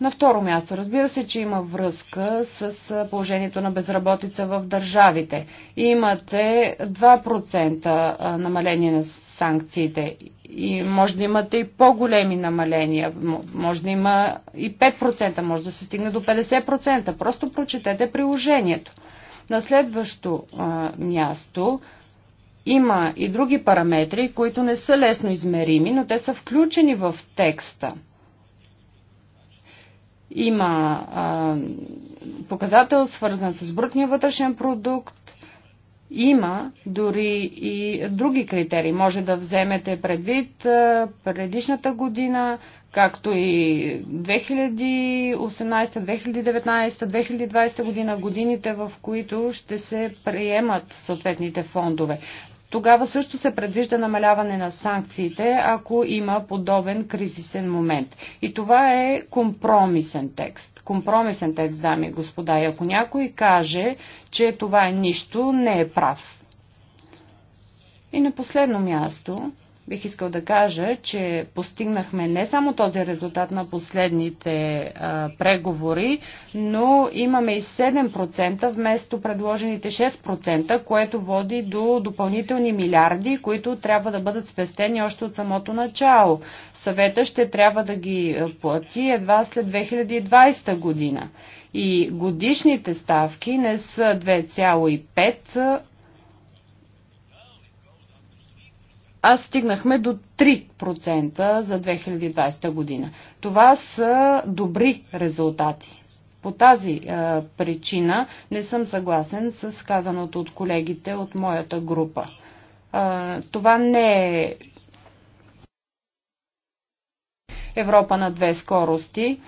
На второ място, разбира се, че има връзка с положението на безработица в държавите. Имате 2% намаление на санкциите и може да имате и по-големи намаления, може да има и 5%, може да се стигне до 50%. Просто прочетете приложението. На следващо а, място има и други параметри, които не са лесно измерими, но те са включени в текста – има а, показател, свързан с брутния вътрешен продукт, има дори и други критерии. Може да вземете предвид предишната година, както и 2018, 2019, 2020 година, годините в които ще се приемат съответните фондове. Тогава също се предвижда намаляване на санкциите, ако има подобен кризисен момент. И това е компромисен текст. Компромисен текст, дами и господа. И ако някой каже, че това е нищо, не е прав. И на последно място, Бих искал да кажа, че постигнахме не само този резултат на последните а, преговори, но имаме и 7% вместо предложените 6%, което води до допълнителни милиарди, които трябва да бъдат спестени още от самото начало. Съвета ще трябва да ги плати едва след 2020 година. И годишните ставки не са 2,5, а стигнахме до 3% за 2020 година. Това са добри резултати. По тази е, причина не съм съгласен с казаното от колегите от моята група. Е, това не е Европа на две скорости.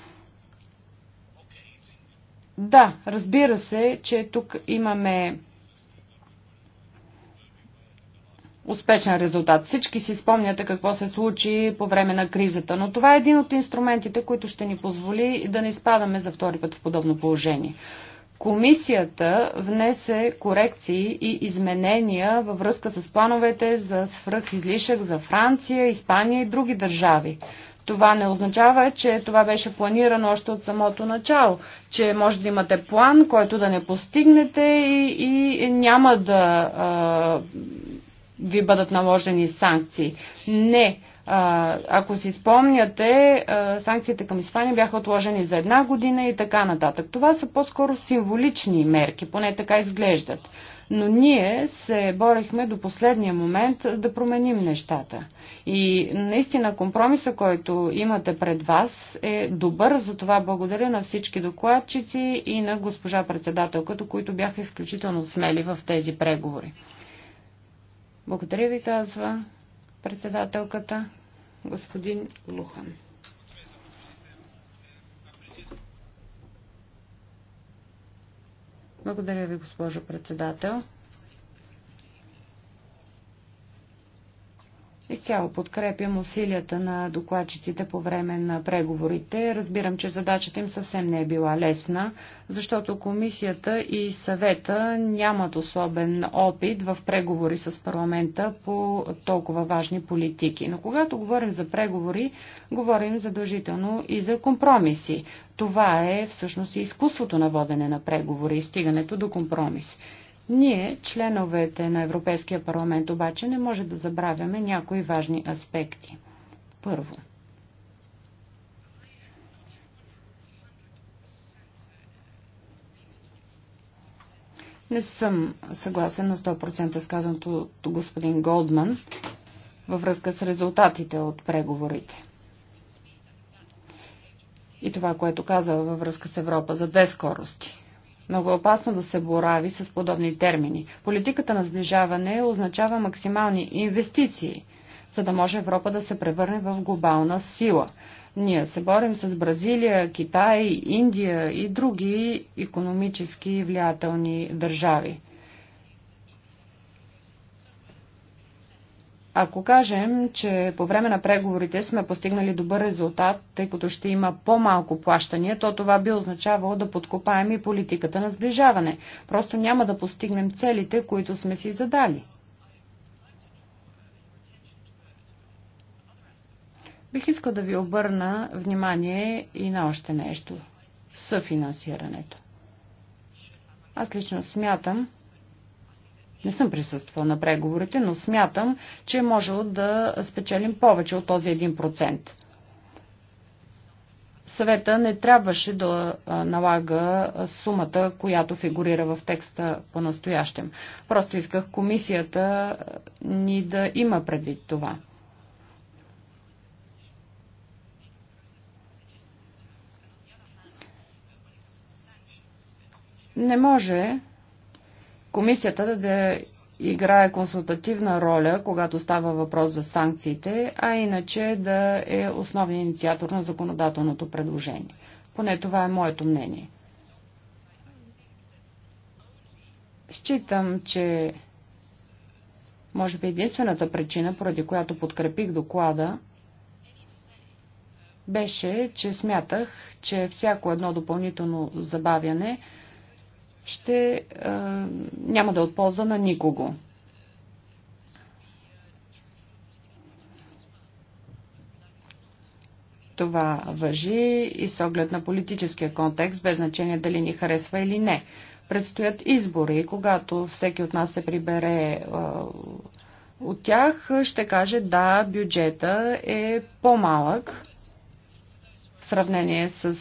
Да, разбира се, че тук имаме успешен резултат. Всички си спомняте какво се случи по време на кризата, но това е един от инструментите, които ще ни позволи да не изпадаме за втори път в подобно положение. Комисията внесе корекции и изменения във връзка с плановете за свръхизлишък за Франция, Испания и други държави. Това не означава, че това беше планирано още от самото начало, че може да имате план, който да не постигнете и, и няма да а, ви бъдат наложени санкции. Не. Ако си спомняте, санкциите към Испания бяха отложени за една година и така нататък. Това са по-скоро символични мерки, поне така изглеждат. Но ние се борехме до последния момент да променим нещата. И наистина компромиса, който имате пред вас е добър. За това благодаря на всички докладчици и на госпожа председателката, които бяха изключително смели в тези преговори. Благодаря ви, казва председателката господин Лухан. Благодаря ви, госпожо председател. Изцяло подкрепям усилията на докладчиците по време на преговорите. Разбирам, че задачата им съвсем не е била лесна, защото комисията и съвета нямат особен опит в преговори с парламента по толкова важни политики. Но когато говорим за преговори, говорим задължително и за компромиси. Това е всъщност и изкуството на водене на преговори и стигането до компромис. Ние, членовете на Европейския парламент, обаче не може да забравяме някои важни аспекти. Първо, Не съм съгласен на 100% с казаното от господин Голдман във връзка с резултатите от преговорите. И това, което каза във връзка с Европа за две скорости. Много е опасно да се борави с подобни термини. Политиката на сближаване означава максимални инвестиции, за да може Европа да се превърне в глобална сила. Ние се борим с Бразилия, Китай, Индия и други економически влиятелни държави. Ако кажем, че по време на преговорите сме постигнали добър резултат, тъй като ще има по-малко плащания, то това би означавало да подкопаем и политиката на сближаване. Просто няма да постигнем целите, които сме си задали. Бих искал да ви обърна внимание и на още нещо. Съфинансирането. Аз лично смятам, не съм присъствал на преговорите, но смятам, че е можело да спечелим повече от този 1%. Съвета не трябваше да налага сумата, която фигурира в текста по-настоящем. Просто исках комисията ни да има предвид това. Не може комисията да играе консултативна роля, когато става въпрос за санкциите, а иначе да е основният инициатор на законодателното предложение. Поне това е моето мнение. Считам, че може би единствената причина, поради която подкрепих доклада, беше, че смятах, че всяко едно допълнително забавяне – ще а, няма да е от полза на никого. Това въжи и с оглед на политическия контекст, без значение дали ни харесва или не. Предстоят избори и когато всеки от нас се прибере а, от тях, ще каже да, бюджета е по-малък в сравнение с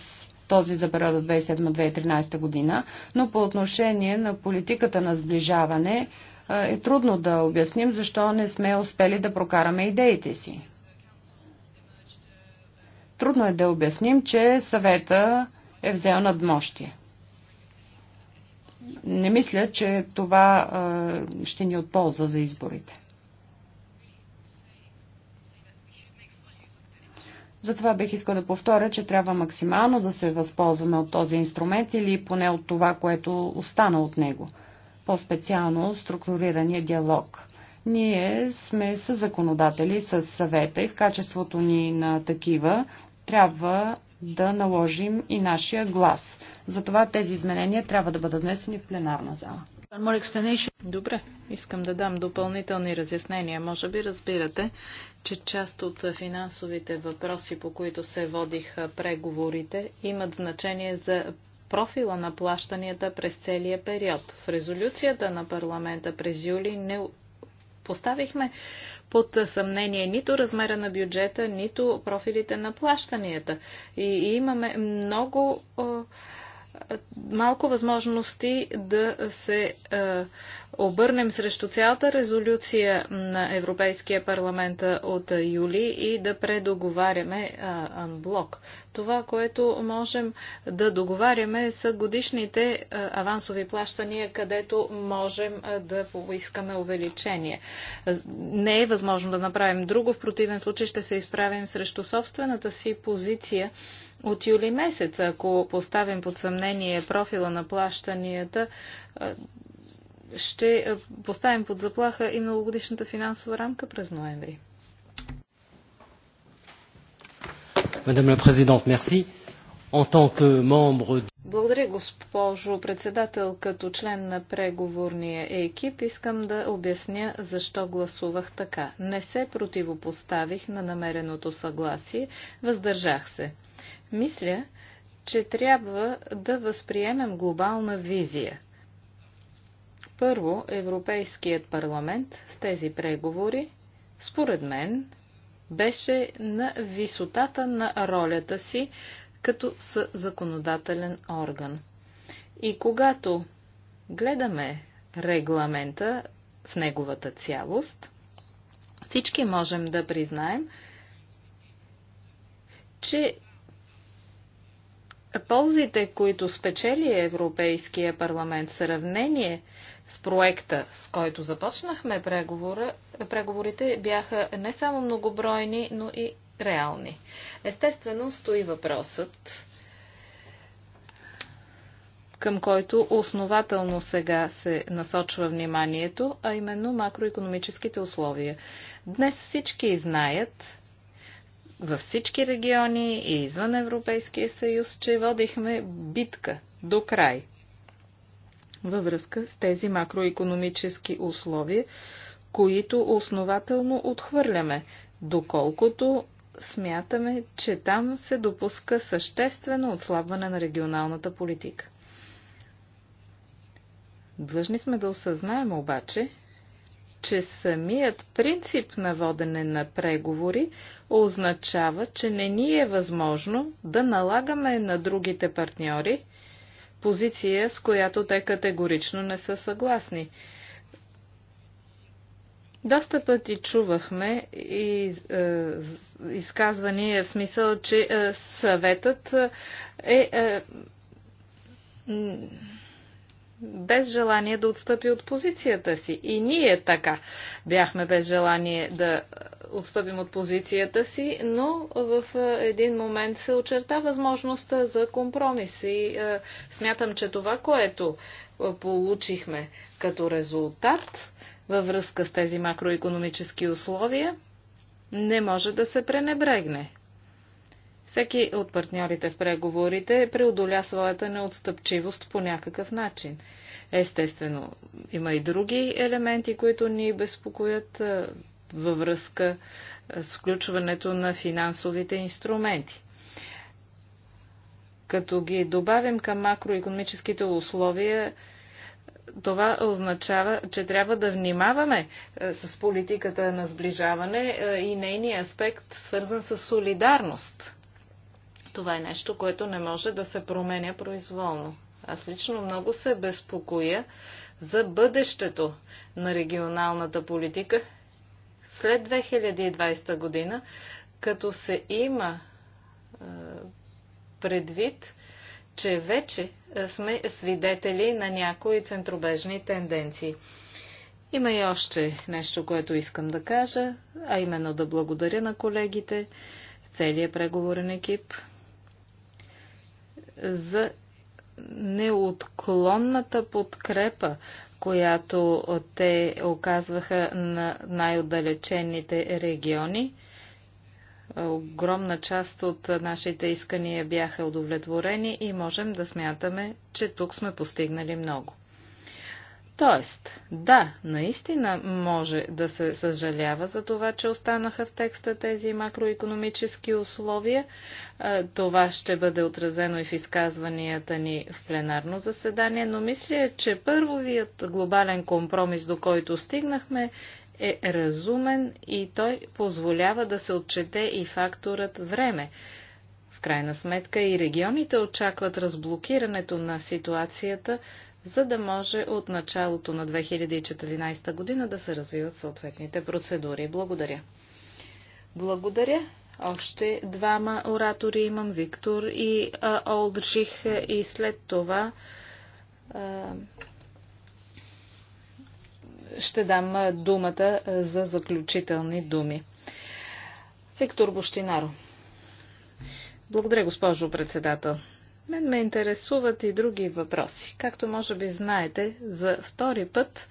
този за периода 2007-2013 година, но по отношение на политиката на сближаване е трудно да обясним защо не сме успели да прокараме идеите си. Трудно е да обясним, че съвета е взел надмощие. Не мисля, че това ще ни е отполза за изборите. Затова бих искал да повторя, че трябва максимално да се възползваме от този инструмент или поне от това, което остана от него. По-специално структурирания диалог. Ние сме с законодатели, с съвета и в качеството ни на такива трябва да наложим и нашия глас. Затова тези изменения трябва да бъдат внесени в пленарна зала. Добре, искам да дам допълнителни разяснения. Може би разбирате, че част от финансовите въпроси, по които се водиха преговорите, имат значение за профила на плащанията през целия период. В резолюцията на парламента през юли не поставихме под съмнение нито размера на бюджета, нито профилите на плащанията. И имаме много малко възможности да се е, обърнем срещу цялата резолюция на Европейския парламент от юли и да предоговаряме блок. Това, което можем да договаряме са годишните авансови плащания, където можем да поискаме увеличение. Не е възможно да направим друго, в противен случай ще се изправим срещу собствената си позиция от юли месец. Ако поставим под съмнение профила на плащанията, ще е, поставим под заплаха и многогодишната финансова рамка през ноември. En tant que membre... Благодаря, госпожо председател. Като член на преговорния екип искам да обясня защо гласувах така. Не се противопоставих на намереното съгласие, въздържах се. Мисля, че трябва да възприемем глобална визия – първо, Европейският парламент в тези преговори, според мен, беше на висотата на ролята си като законодателен орган. И когато гледаме регламента в неговата цялост, всички можем да признаем, че ползите, които спечели Европейския парламент в сравнение с проекта, с който започнахме преговорите, бяха не само многобройни, но и реални. Естествено, стои въпросът, към който основателно сега се насочва вниманието, а именно макроекономическите условия. Днес всички знаят, във всички региони и извън Европейския съюз, че водихме битка до край – във връзка с тези макроекономически условия, които основателно отхвърляме, доколкото смятаме, че там се допуска съществено отслабване на регионалната политика. Длъжни сме да осъзнаем обаче, че самият принцип на водене на преговори означава, че не ни е възможно да налагаме на другите партньори позиция, с която те категорично не са съгласни. Доста пъти чувахме и е, изказвания в смисъл, че е, съветът е, е без желание да отстъпи от позицията си. И ние така бяхме без желание да отстъпим от позицията си, но в един момент се очерта възможността за компромис и смятам, че това, което получихме като резултат във връзка с тези макроекономически условия, не може да се пренебрегне. Всеки от партньорите в преговорите преодоля своята неотстъпчивост по някакъв начин. Естествено, има и други елементи, които ни безпокоят във връзка с включването на финансовите инструменти. Като ги добавим към макроекономическите условия, това означава, че трябва да внимаваме с политиката на сближаване и нейния аспект, свързан с солидарност. Това е нещо, което не може да се променя произволно. Аз лично много се безпокоя за бъдещето на регионалната политика след 2020 година, като се има е, предвид, че вече е, сме свидетели на някои центробежни тенденции. Има и още нещо, което искам да кажа, а именно да благодаря на колегите, целият преговорен екип за неотклонната подкрепа, която те оказваха на най-отдалечените региони. Огромна част от нашите искания бяха удовлетворени и можем да смятаме, че тук сме постигнали много. Тоест, да, наистина може да се съжалява за това, че останаха в текста тези макроекономически условия. Това ще бъде отразено и в изказванията ни в пленарно заседание, но мисля, че първовият глобален компромис, до който стигнахме, е разумен и той позволява да се отчете и факторът време. В крайна сметка и регионите очакват разблокирането на ситуацията, за да може от началото на 2014 година да се развиват съответните процедури. Благодаря. Благодаря. Още двама оратори имам, Виктор и а, Олдших, и след това а, ще дам думата за заключителни думи. Виктор Бощинаро. Благодаря, госпожо председател. Мен ме интересуват и други въпроси. Както може би знаете, за втори път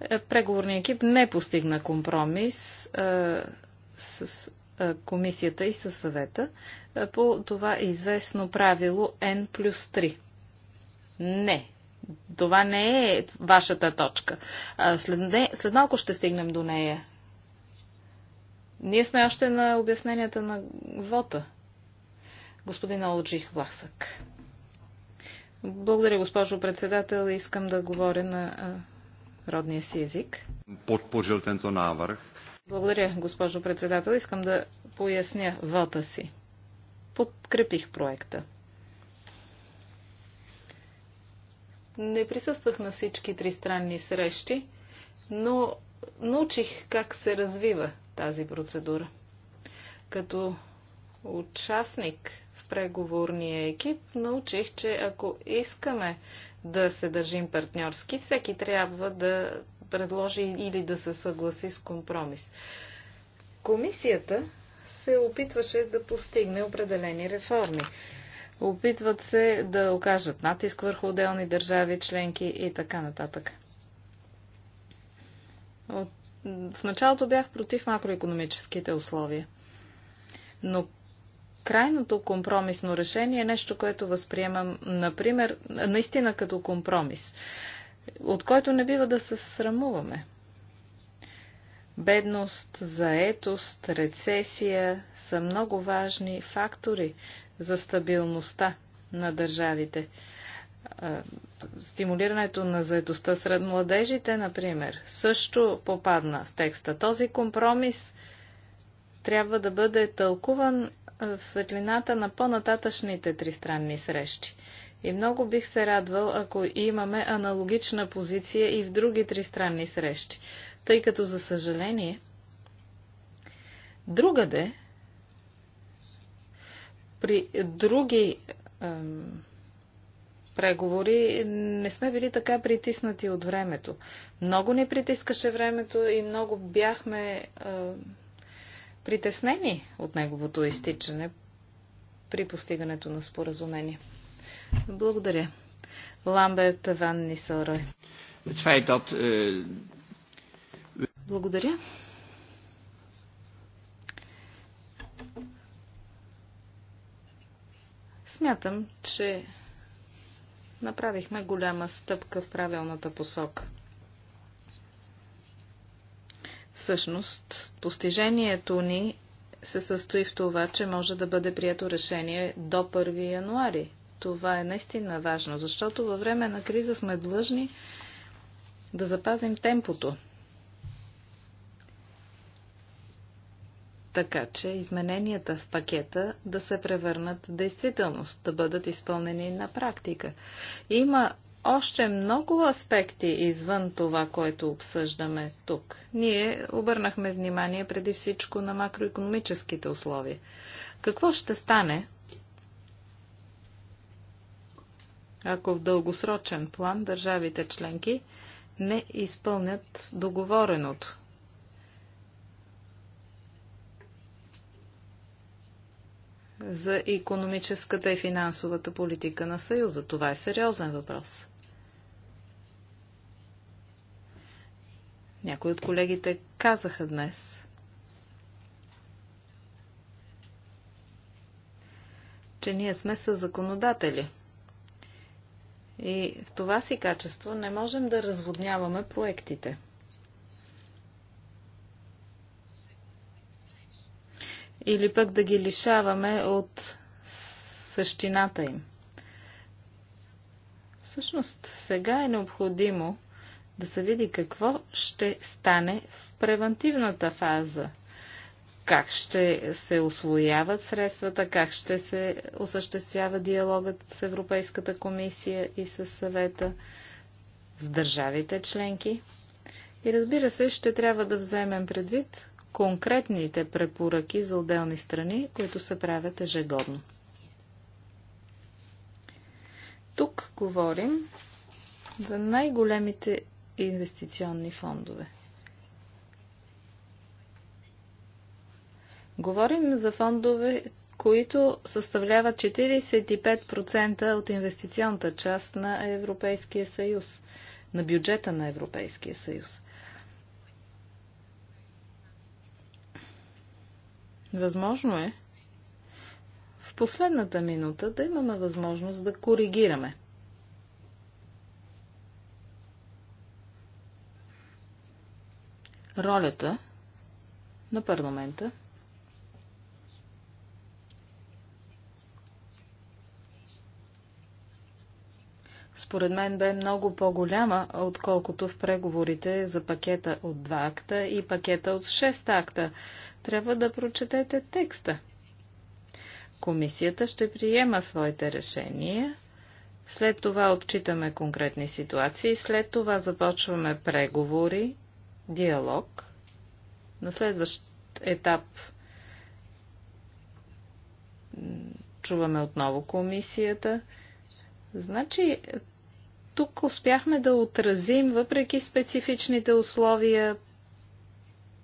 е, преговорният екип не постигна компромис а, е, с а, е, комисията и със съвета а, по това известно правило N плюс 3. Не, това не е вашата точка. След, не, след малко ще стигнем до нея. Ние сме още на обясненията на вота господин Олджих Власък. Благодаря, госпожо председател. Искам да говоря на родния си език. Под тento навърх. Благодаря, госпожо председател. Искам да поясня вота си. Подкрепих проекта. Не присъствах на всички тристранни срещи, но научих как се развива тази процедура. Като участник преговорния екип научих, че ако искаме да се държим партньорски, всеки трябва да предложи или да се съгласи с компромис. Комисията се опитваше да постигне определени реформи. Опитват се да окажат натиск върху отделни държави, членки и така нататък. От... В началото бях против макроекономическите условия. Но крайното компромисно решение е нещо, което възприемам, например, наистина като компромис, от който не бива да се срамуваме. Бедност, заетост, рецесия са много важни фактори за стабилността на държавите. Стимулирането на заетостта сред младежите, например, също попадна в текста. Този компромис трябва да бъде тълкуван в светлината на по-нататъчните тристранни срещи. И много бих се радвал, ако имаме аналогична позиция и в други тристранни срещи, тъй като, за съжаление, другаде, при други ем, преговори, не сме били така притиснати от времето. Много ни притискаше времето и много бяхме. Ем, притеснени от неговото изтичане при постигането на споразумение. Благодаря. Ламберт Ван Нисълрой. Е, Благодаря. Смятам, че направихме голяма стъпка в правилната посока. Всъщност, постижението ни се състои в това, че може да бъде прието решение до 1 януари. Това е наистина важно, защото във време на криза сме длъжни да запазим темпото. Така че измененията в пакета да се превърнат в действителност, да бъдат изпълнени на практика. Има още много аспекти извън това, което обсъждаме тук. Ние обърнахме внимание преди всичко на макроекономическите условия. Какво ще стане, ако в дългосрочен план държавите членки не изпълнят договореното? за економическата и финансовата политика на Съюза. Това е сериозен въпрос. Някои от колегите казаха днес. че ние сме със законодатели. И в това си качество не можем да разводняваме проектите. Или пък да ги лишаваме от същината им. Всъщност, сега е необходимо да се види какво ще стане в превентивната фаза. Как ще се освояват средствата, как ще се осъществява диалогът с Европейската комисия и с съвета, с държавите членки. И разбира се, ще трябва да вземем предвид конкретните препоръки за отделни страни, които се правят ежегодно. Тук говорим за най-големите инвестиционни фондове. Говорим за фондове, които съставляват 45% от инвестиционната част на Европейския съюз, на бюджета на Европейския съюз. Възможно е в последната минута да имаме възможност да коригираме ролята на парламента според мен бе много по-голяма, отколкото в преговорите за пакета от два акта и пакета от 6 акта. Трябва да прочетете текста. Комисията ще приема своите решения. След това отчитаме конкретни ситуации, след това започваме преговори диалог. На следващ етап чуваме отново комисията. Значи, тук успяхме да отразим, въпреки специфичните условия,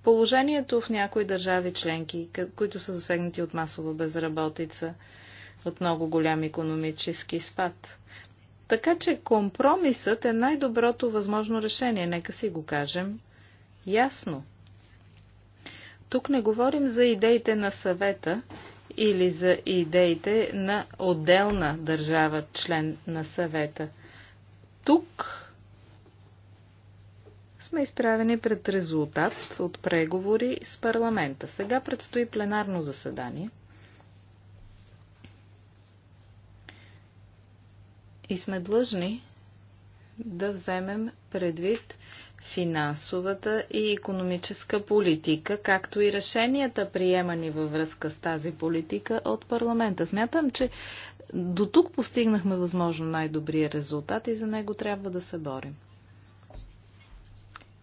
положението в някои държави членки, които са засегнати от масова безработица, от много голям економически спад. Така че компромисът е най-доброто възможно решение, нека си го кажем ясно. Тук не говорим за идеите на съвета или за идеите на отделна държава, член на съвета. Тук сме изправени пред резултат от преговори с парламента. Сега предстои пленарно заседание. И сме длъжни да вземем предвид финансовата и економическа политика, както и решенията приемани във връзка с тази политика от парламента. Смятам, че до тук постигнахме възможно най-добрия резултат и за него трябва да се борим.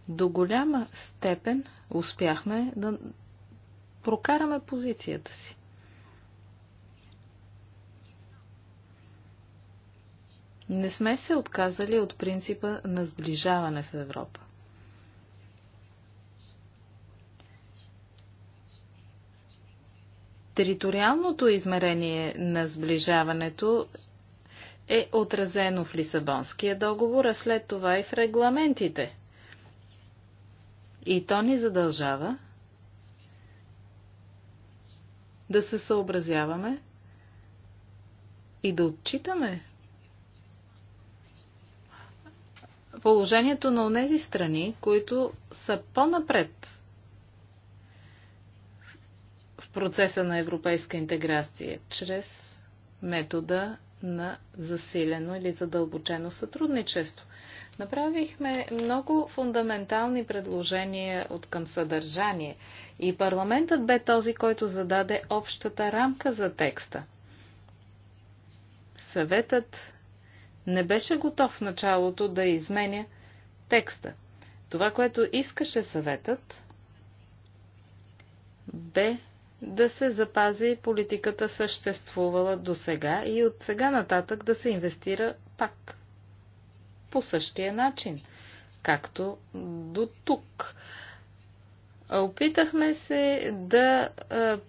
До голяма степен успяхме да прокараме позицията си. Не сме се отказали от принципа на сближаване в Европа. Териториалното измерение на сближаването е отразено в Лисабонския договор, а след това и в регламентите. И то ни задължава да се съобразяваме и да отчитаме положението на онези страни, които са по-напред в процеса на европейска интеграция, чрез метода на засилено или задълбочено сътрудничество. Направихме много фундаментални предложения от към съдържание и парламентът бе този, който зададе общата рамка за текста. Съветът не беше готов в началото да изменя текста. Това, което искаше съветът, бе да се запази политиката съществувала до сега и от сега нататък да се инвестира пак по същия начин, както до тук. Опитахме се да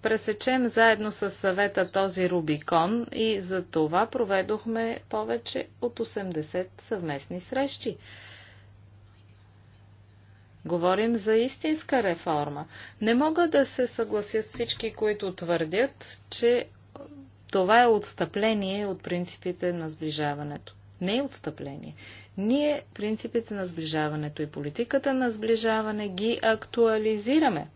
пресечем заедно с съвета този Рубикон и за това проведохме повече от 80 съвместни срещи. Говорим за истинска реформа. Не мога да се съглася с всички, които твърдят, че това е отстъпление от принципите на сближаването не е отстъпление. Ние принципите на сближаването и политиката на сближаване ги актуализираме,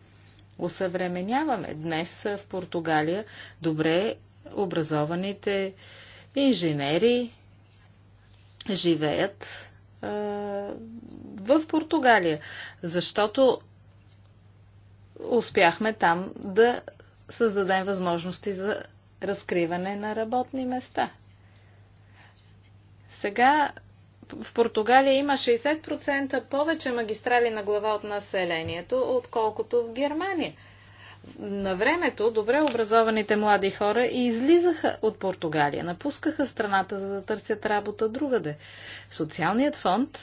усъвременяваме. Днес в Португалия добре образованите инженери живеят е, в Португалия, защото успяхме там да създадем възможности за разкриване на работни места. Сега в Португалия има 60% повече магистрали на глава от населението, отколкото в Германия. На времето добре образованите млади хора и излизаха от Португалия, напускаха страната, за да търсят работа другаде. Социалният фонд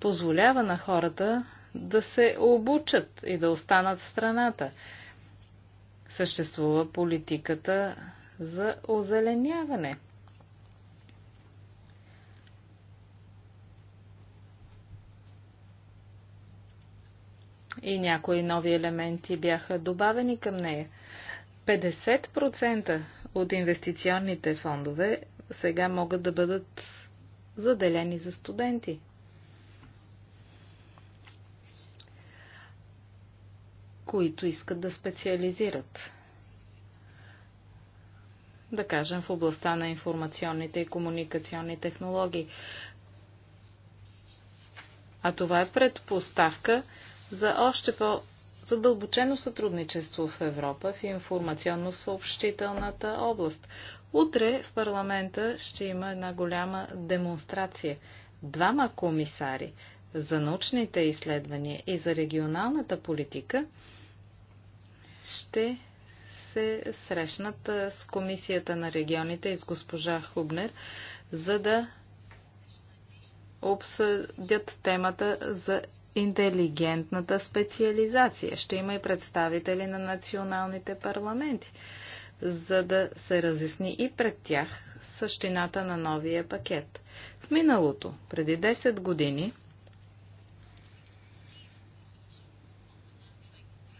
позволява на хората да се обучат и да останат в страната. Съществува политиката за озеленяване. и някои нови елементи бяха добавени към нея. 50% от инвестиционните фондове сега могат да бъдат заделени за студенти. които искат да специализират. Да кажем в областта на информационните и комуникационни технологии. А това е предпоставка за още по-задълбочено сътрудничество в Европа в информационно-съобщителната област. Утре в парламента ще има една голяма демонстрация. Двама комисари за научните изследвания и за регионалната политика ще се срещнат с Комисията на регионите и с госпожа Хубнер, за да обсъдят темата за интелигентната специализация. Ще има и представители на националните парламенти, за да се разясни и пред тях същината на новия пакет. В миналото, преди 10 години,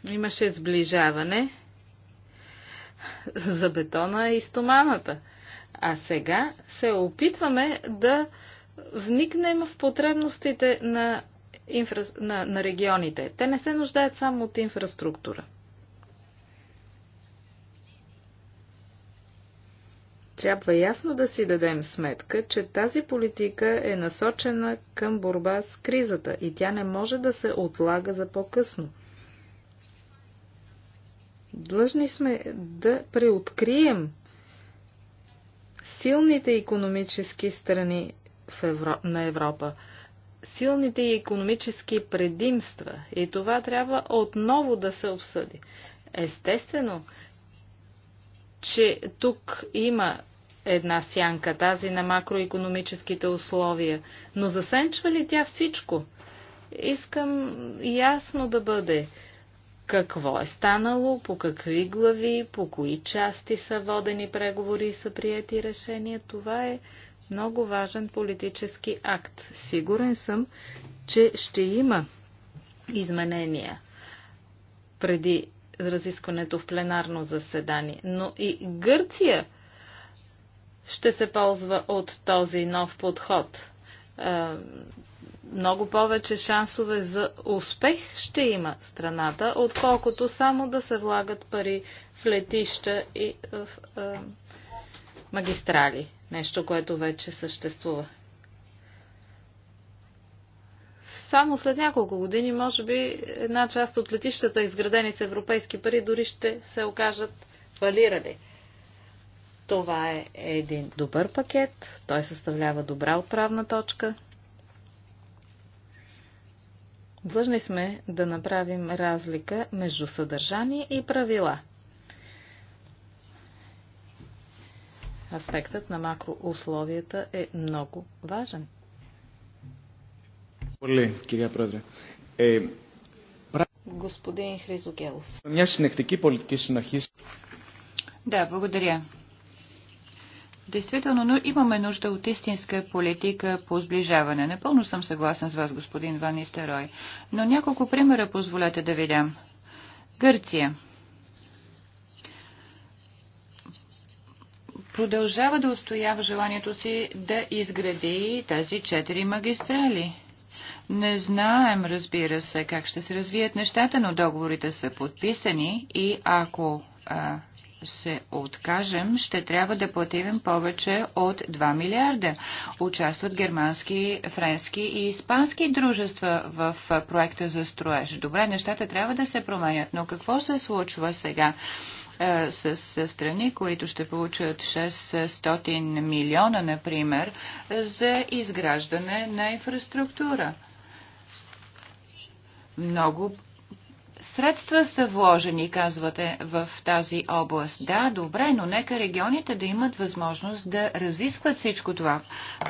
имаше сближаване за бетона и стоманата. А сега се опитваме да вникнем в потребностите на инфра... на, на регионите. Те не се нуждаят само от инфраструктура. Трябва ясно да си дадем сметка, че тази политика е насочена към борба с кризата и тя не може да се отлага за по-късно. Длъжни сме да преоткрием силните економически страни Евро... на Европа силните и економически предимства. И това трябва отново да се обсъди. Естествено, че тук има една сянка, тази на макроекономическите условия, но засенчва ли тя всичко? Искам ясно да бъде какво е станало, по какви глави, по кои части са водени преговори и са приети решения. Това е много важен политически акт. Сигурен съм, че ще има изменения преди разискването в пленарно заседание. Но и Гърция ще се ползва от този нов подход. Е, много повече шансове за успех ще има страната, отколкото само да се влагат пари в летища и в е, магистрали. Нещо, което вече съществува. Само след няколко години, може би, една част от летищата, изградени с европейски пари, дори ще се окажат фалирали. Това е един добър пакет, той съставлява добра отправна точка. Длъжни сме да направим разлика между съдържание и правила – Аспектът на макроусловията е много важен. Е, господин Хризогелос. Μια συνεκτική на συνοχή. Да, благодаря. Действително, но имаме нужда от истинска политика по сближаване. Напълно съм съгласен с вас, господин Ван Истерой. Но няколко примера позволете да видям. Гърция. продължава да устоява желанието си да изгради тези четири магистрали. Не знаем, разбира се, как ще се развият нещата, но договорите са подписани и ако а, се откажем, ще трябва да платим повече от 2 милиарда. Участват германски, френски и испански дружества в проекта за строеж. Добре, нещата трябва да се променят, но какво се случва сега? Е, с страни, които ще получат 600 милиона, например, за изграждане на инфраструктура. Много средства са вложени, казвате, в тази област. Да, добре, но нека регионите да имат възможност да разискват всичко това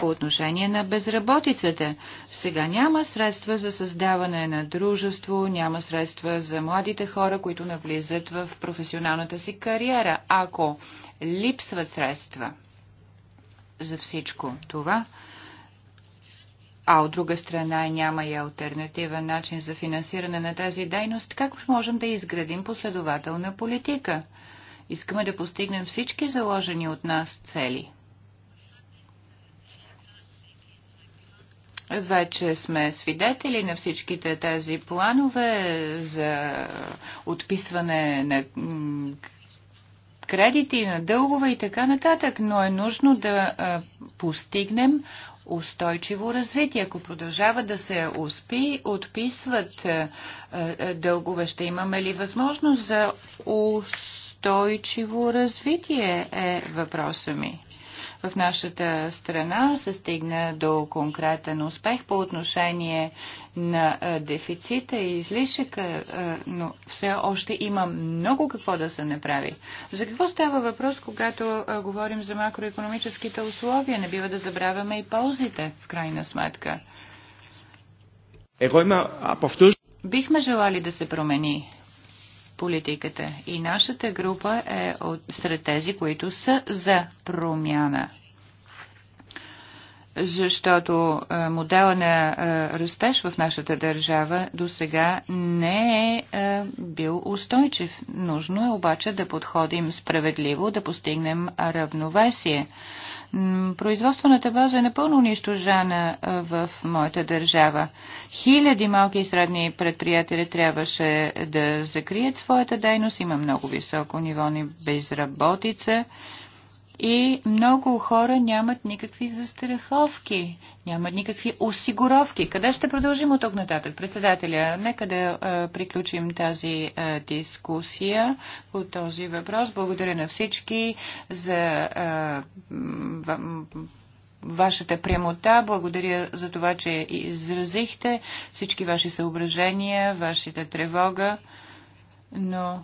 по отношение на безработицата. Сега няма средства за създаване на дружество, няма средства за младите хора, които навлизат в професионалната си кариера, ако липсват средства за всичко това а от друга страна няма и альтернативен начин за финансиране на тази дейност, как можем да изградим последователна политика? Искаме да постигнем всички заложени от нас цели. Вече сме свидетели на всичките тези планове за отписване на кредити, на дългове и така нататък, но е нужно да постигнем устойчиво развитие. Ако продължава да се успи, отписват е, е, дългове, ще имаме ли възможност за устойчиво развитие е въпроса ми в нашата страна се стигна до конкретен успех по отношение на дефицита и излишъка, но все още има много какво да се направи. За какво става въпрос, когато говорим за макроекономическите условия? Не бива да забравяме и ползите, в крайна сметка. Бихме желали да се промени политиката. И нашата група е от, сред тези, които са за промяна. Защото е, модела на е, растеж в нашата държава до сега не е, е бил устойчив. Нужно е обаче да подходим справедливо, да постигнем равновесие. Производствената база е напълно унищожена в моята държава. Хиляди малки и средни предприятели трябваше да закрият своята дейност. Има много високо ниво на безработица. И много хора нямат никакви застраховки, нямат никакви осигуровки. Къде ще продължим от тук нататък? Председателя, нека да приключим тази дискусия по този въпрос. Благодаря на всички за вашата прямота. Благодаря за това, че изразихте всички ваши съображения, вашата тревога. Но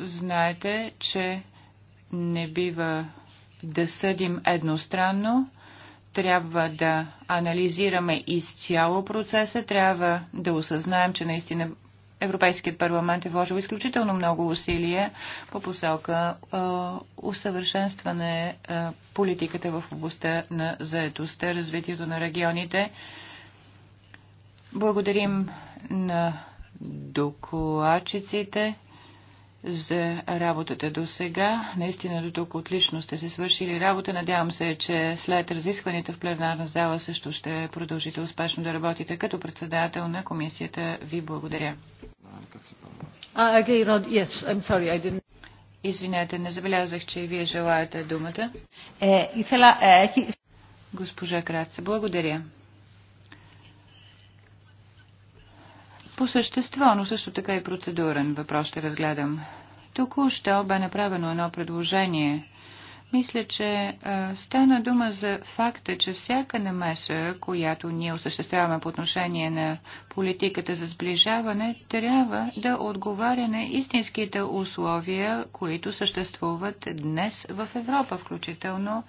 знаете, че не бива да съдим едностранно, трябва да анализираме изцяло процеса, трябва да осъзнаем, че наистина Европейският парламент е вложил изключително много усилия по посока е, усъвършенстване е, политиката в областта на заедостта, развитието на регионите. Благодарим на докладчиците за работата до сега. Наистина до тук отлично сте се свършили работа. Надявам се, че след разискванията в пленарна зала също ще продължите успешно да работите като председател на комисията. Ви благодаря. Извинете, не забелязах, че и вие желаете думата. Е, е, Госпожа Краца, благодаря. по същество, но също така и процедурен въпрос ще разгледам. Току-що бе направено едно предложение. Мисля, че а, стана дума за факта, че всяка намеса, която ние осъществяваме по отношение на политиката за сближаване, трябва да отговаря на истинските условия, които съществуват днес в Европа, включително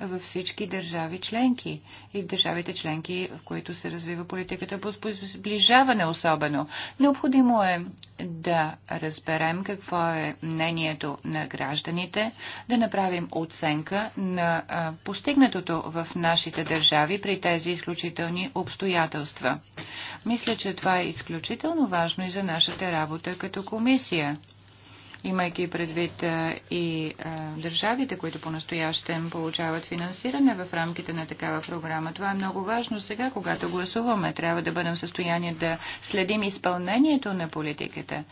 във всички държави членки и в държавите членки, в които се развива политиката по сближаване особено. Необходимо е да разберем какво е мнението на гражданите, да направим оценка на постигнатото в нашите държави при тези изключителни обстоятелства. Мисля, че това е изключително важно и за нашата работа като комисия имайки предвид и държавите, които по-настоящем получават финансиране в рамките на такава програма. Това е много важно сега, когато гласуваме. Трябва да бъдем в състояние да следим изпълнението на политиката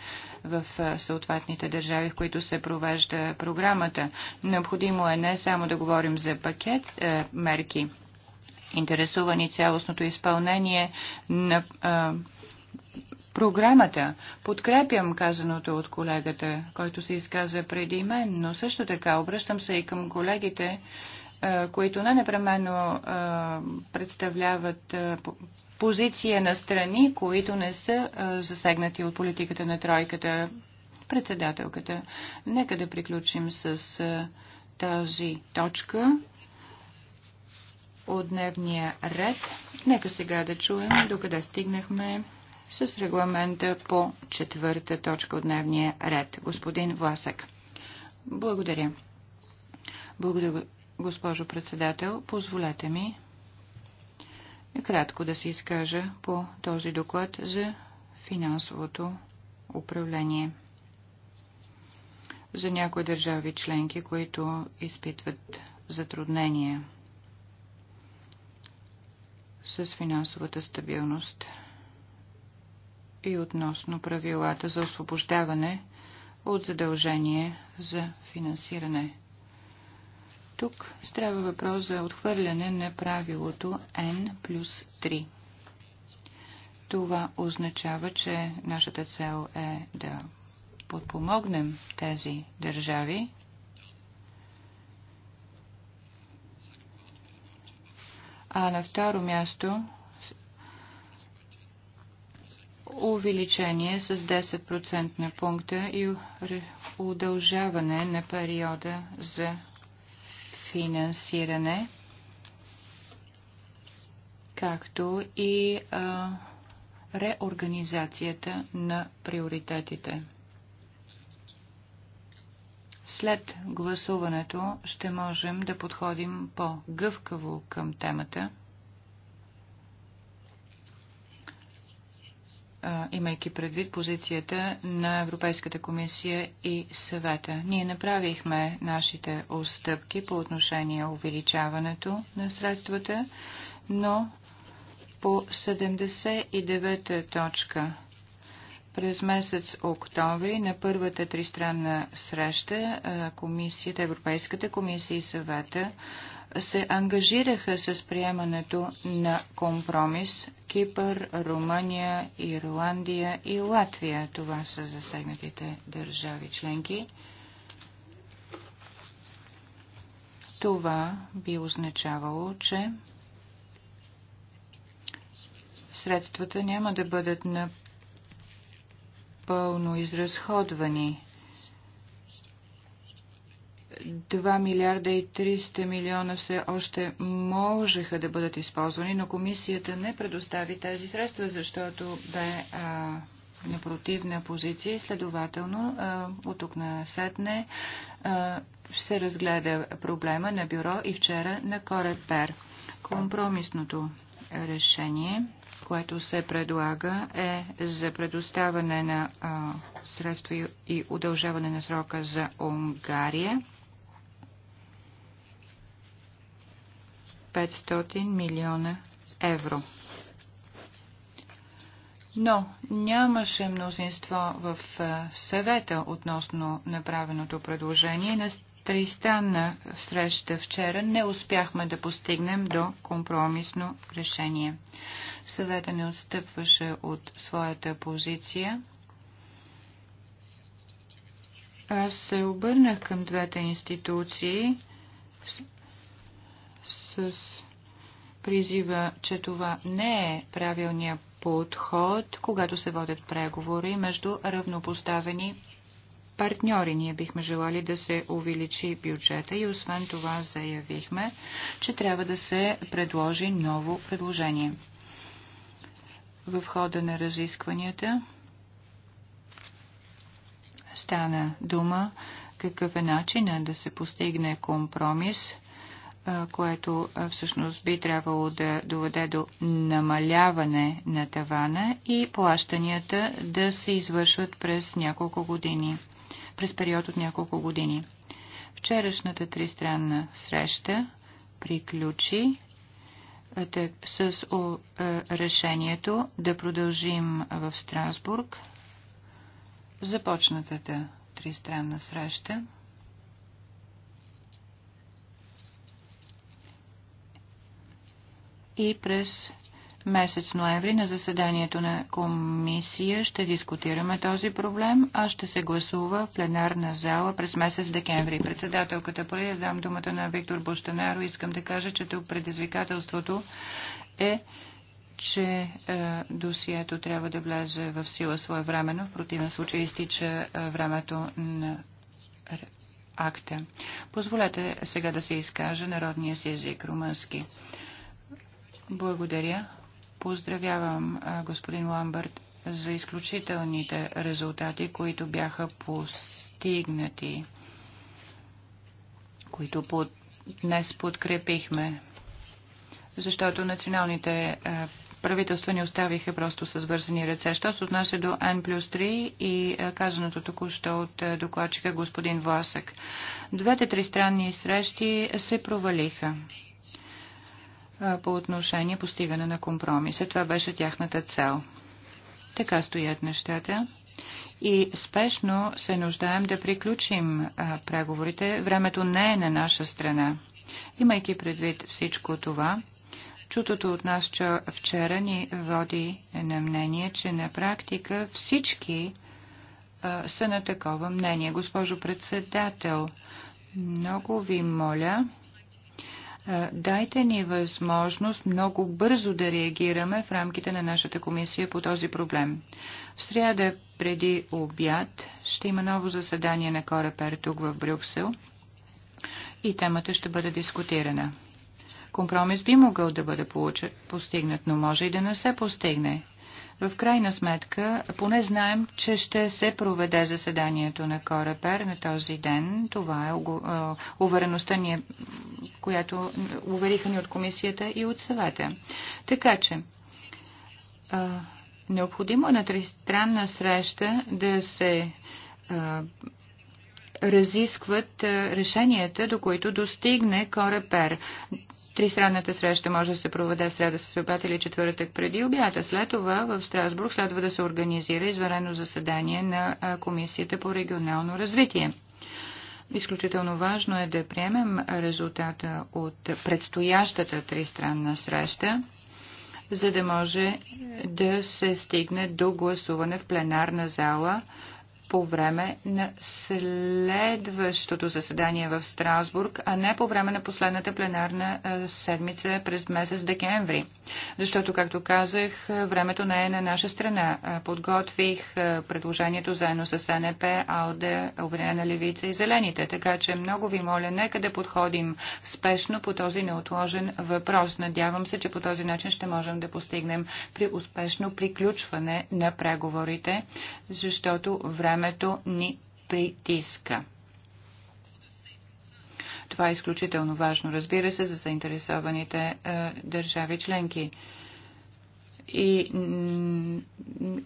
в съответните държави, в които се провежда програмата. Необходимо е не само да говорим за пакет е, мерки, интересувани цялостното изпълнение на е, програмата. Подкрепям казаното от колегата, който се изказа преди мен, но също така обръщам се и към колегите, е, които не непременно е, представляват е, позиция на страни, които не са засегнати от политиката на тройката, председателката. Нека да приключим с тази точка от дневния ред. Нека сега да чуем докъде стигнахме с регламента по четвърта точка от дневния ред. Господин Власък. Благодаря. Благодаря, госпожо председател. Позволете ми кратко да се изкажа по този доклад за финансовото управление. За някои държави членки, които изпитват затруднения с финансовата стабилност – и относно правилата за освобождаване от задължение за финансиране. Тук трябва въпрос за отхвърляне на правилото N плюс 3. Това означава, че нашата цел е да подпомогнем тези държави, а на второ място увеличение с 10% пункта и удължаване на периода за финансиране, както и а, реорганизацията на приоритетите. След гласуването ще можем да подходим по-гъвкаво към темата – имайки предвид позицията на Европейската комисия и съвета. Ние направихме нашите отстъпки по отношение увеличаването на средствата, но по 79 та точка през месец октомври на първата тристранна среща комисията, Европейската комисия и съвета се ангажираха с приемането на компромис Кипър, Румъния, Ирландия и Латвия. Това са засегнатите държави членки. Това би означавало, че средствата няма да бъдат напълно изразходвани 2 милиарда и 300 милиона все още можеха да бъдат използвани, но комисията не предостави тези средства, защото бе а, на противна позиция и следователно а, от тук на сетне а, се разгледа проблема на бюро и вчера на Корепер. Компромисното решение, което се предлага е за предоставане на а, средства и удължаване на срока за Унгария 500 милиона евро. Но нямаше мнозинство в е, съвета относно направеното предложение. На тристанна среща вчера не успяхме да постигнем до компромисно решение. Съвета не отстъпваше от своята позиция. Аз се обърнах към двете институции с призива, че това не е правилният подход, когато се водят преговори между равнопоставени партньори. Ние бихме желали да се увеличи бюджета и освен това заявихме, че трябва да се предложи ново предложение. В хода на разискванията стана дума какъв е начинът да се постигне компромис което всъщност би трябвало да доведе до намаляване на тавана и плащанията да се извършват през няколко години, през период от няколко години. Вчерашната тристранна среща приключи с решението да продължим в Страсбург започнатата тристранна среща. и през месец ноември на заседанието на комисия ще дискутираме този проблем, а ще се гласува в пленарна зала през месец декември. Председателката, преди да дам думата на Виктор Бощанаро, искам да кажа, че тук предизвикателството е че е, досието трябва да влезе в сила своевременно, в противен случай изтича е, времето на акта. Позволете сега да се изкаже народния си език румънски. Благодаря. Поздравявам господин Ламбърт за изключителните резултати, които бяха постигнати, които под... днес подкрепихме. Защото националните правителства ни оставиха просто с вързани ръце. Що се отнася до N плюс 3 и казаното току-що от докладчика господин Власък. Двете тристранни срещи се провалиха по отношение постигане на компромиса. Това беше тяхната цел. Така стоят нещата. И спешно се нуждаем да приключим а, преговорите. Времето не е на наша страна. Имайки предвид всичко това, чутото от нас че вчера ни води на мнение, че на практика всички а, са на такова мнение. Госпожо председател, много ви моля Дайте ни възможност много бързо да реагираме в рамките на нашата комисия по този проблем. В сряда преди обяд ще има ново заседание на Корепер тук в Брюксел и темата ще бъде дискутирана. Компромис би могъл да бъде получен, постигнат, но може и да не се постигне. В крайна сметка, поне знаем, че ще се проведе заседанието на Корепер на този ден. Това е, е увереността ни, която увериха ни от комисията и от съвета. Така че, е, необходимо е на тристранна среща да се е, разискват решенията, до които достигне Корепер. Тристранната среща може да се проведе среда с обяд или четвъртък преди обята. След това в Страсбург следва да се организира изварено заседание на Комисията по регионално развитие. Изключително важно е да приемем резултата от предстоящата тристранна среща, за да може да се стигне до гласуване в пленарна зала по време на следващото заседание в Страсбург, а не по време на последната пленарна седмица през месец декември. Защото, както казах, времето не е на наша страна. Подготвих предложението заедно с НП, АЛДЕ, Обединена левица и Зелените. Така че много ви моля, нека да подходим спешно по този неотложен въпрос. Надявам се, че по този начин ще можем да постигнем при успешно приключване на преговорите, защото време времето ни притиска. Това е изключително важно, разбира се, за заинтересованите е, държави членки. И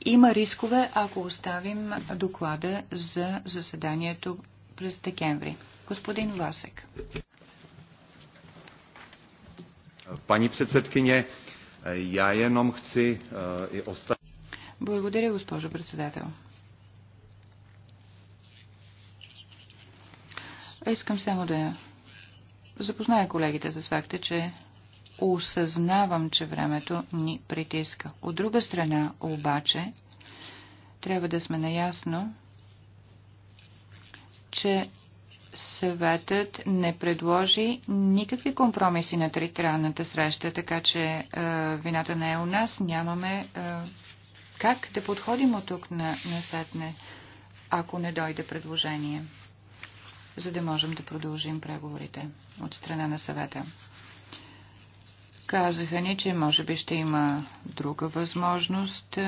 има рискове, ако оставим доклада за заседанието през декември. Господин Ласек. Пани председкиня, е, я еном хци е, и оста... Благодаря, госпожо председател. Искам само да запозная колегите с факта, че осъзнавам, че времето ни притиска. От друга страна, обаче, трябва да сме наясно, че съветът не предложи никакви компромиси на тритранната среща, така че е, вината не е у нас. Нямаме е, как да подходим от тук на, на сетне, ако не дойде предложение за да можем да продължим преговорите от страна на съвета. Казаха ни, че може би ще има друга възможност.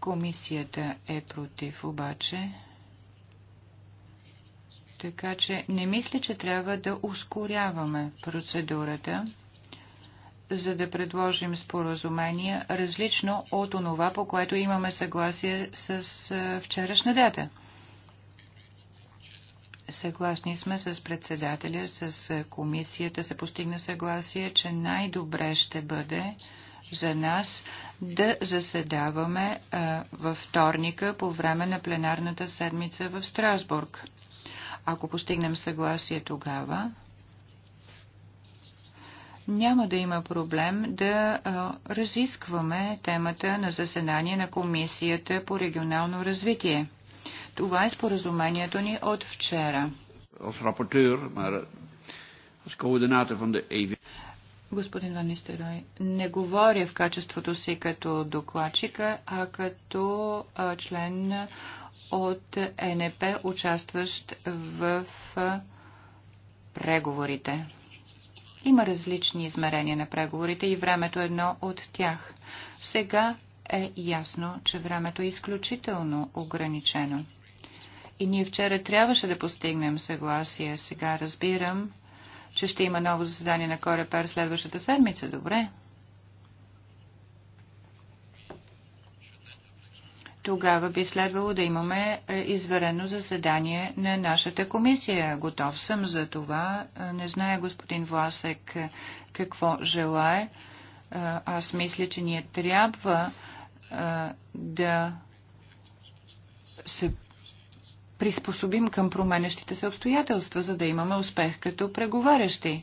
Комисията е против обаче. Така че не мисля, че трябва да ускоряваме процедурата, за да предложим споразумение различно от онова, по което имаме съгласие с вчерашна дата. Съгласни сме с председателя, с комисията се постигна съгласие, че най-добре ще бъде за нас да заседаваме а, във вторника по време на пленарната седмица в Страсбург. Ако постигнем съгласие тогава, няма да има проблем да а, разискваме темата на заседание на Комисията по регионално развитие. Това е споразумението ни от вчера. Eh, e Господин Ван Нистерой, не говоря в качеството си като докладчика, а като член от НП, участващ в преговорите. Има различни измерения на преговорите и времето е едно от тях. Сега е ясно, че времето е изключително ограничено. И ние вчера трябваше да постигнем съгласие. Сега разбирам, че ще има ново заседание на Корепер следващата седмица. Добре. Тогава би следвало да имаме е, изверено заседание на нашата комисия. Готов съм за това. Е, не знае господин Власек е, какво желае. Аз мисля, че ние трябва да се приспособим към променящите се обстоятелства, за да имаме успех като преговарящи,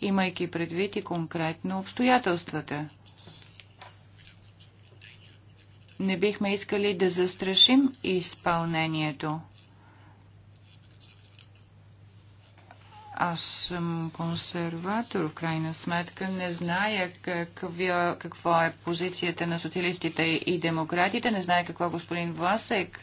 имайки предвид и конкретно обстоятелствата. Не бихме искали да застрашим изпълнението Аз съм консерватор, в крайна сметка. Не зная е какво е позицията на социалистите и демократите. Не зная какво господин Власек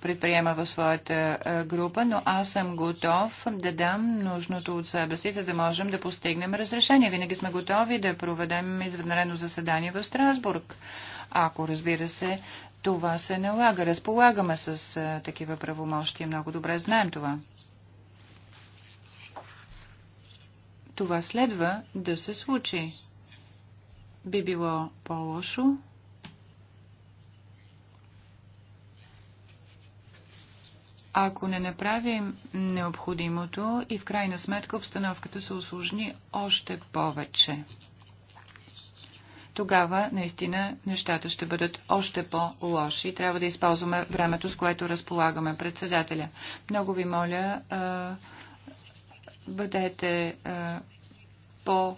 предприема в своята група, но аз съм готов да дам нужното от себе си, за да можем да постигнем разрешение. Винаги сме готови да проведем извънредно заседание в Страсбург. Ако, разбира се, това се налага. Разполагаме с такива правомощи. Много добре знаем това. Това следва да се случи. Би било по-лошо, ако не направим необходимото и в крайна сметка обстановката се осложни още повече. Тогава наистина нещата ще бъдат още по-лоши трябва да използваме времето, с което разполагаме председателя. Много ви моля бъдете по-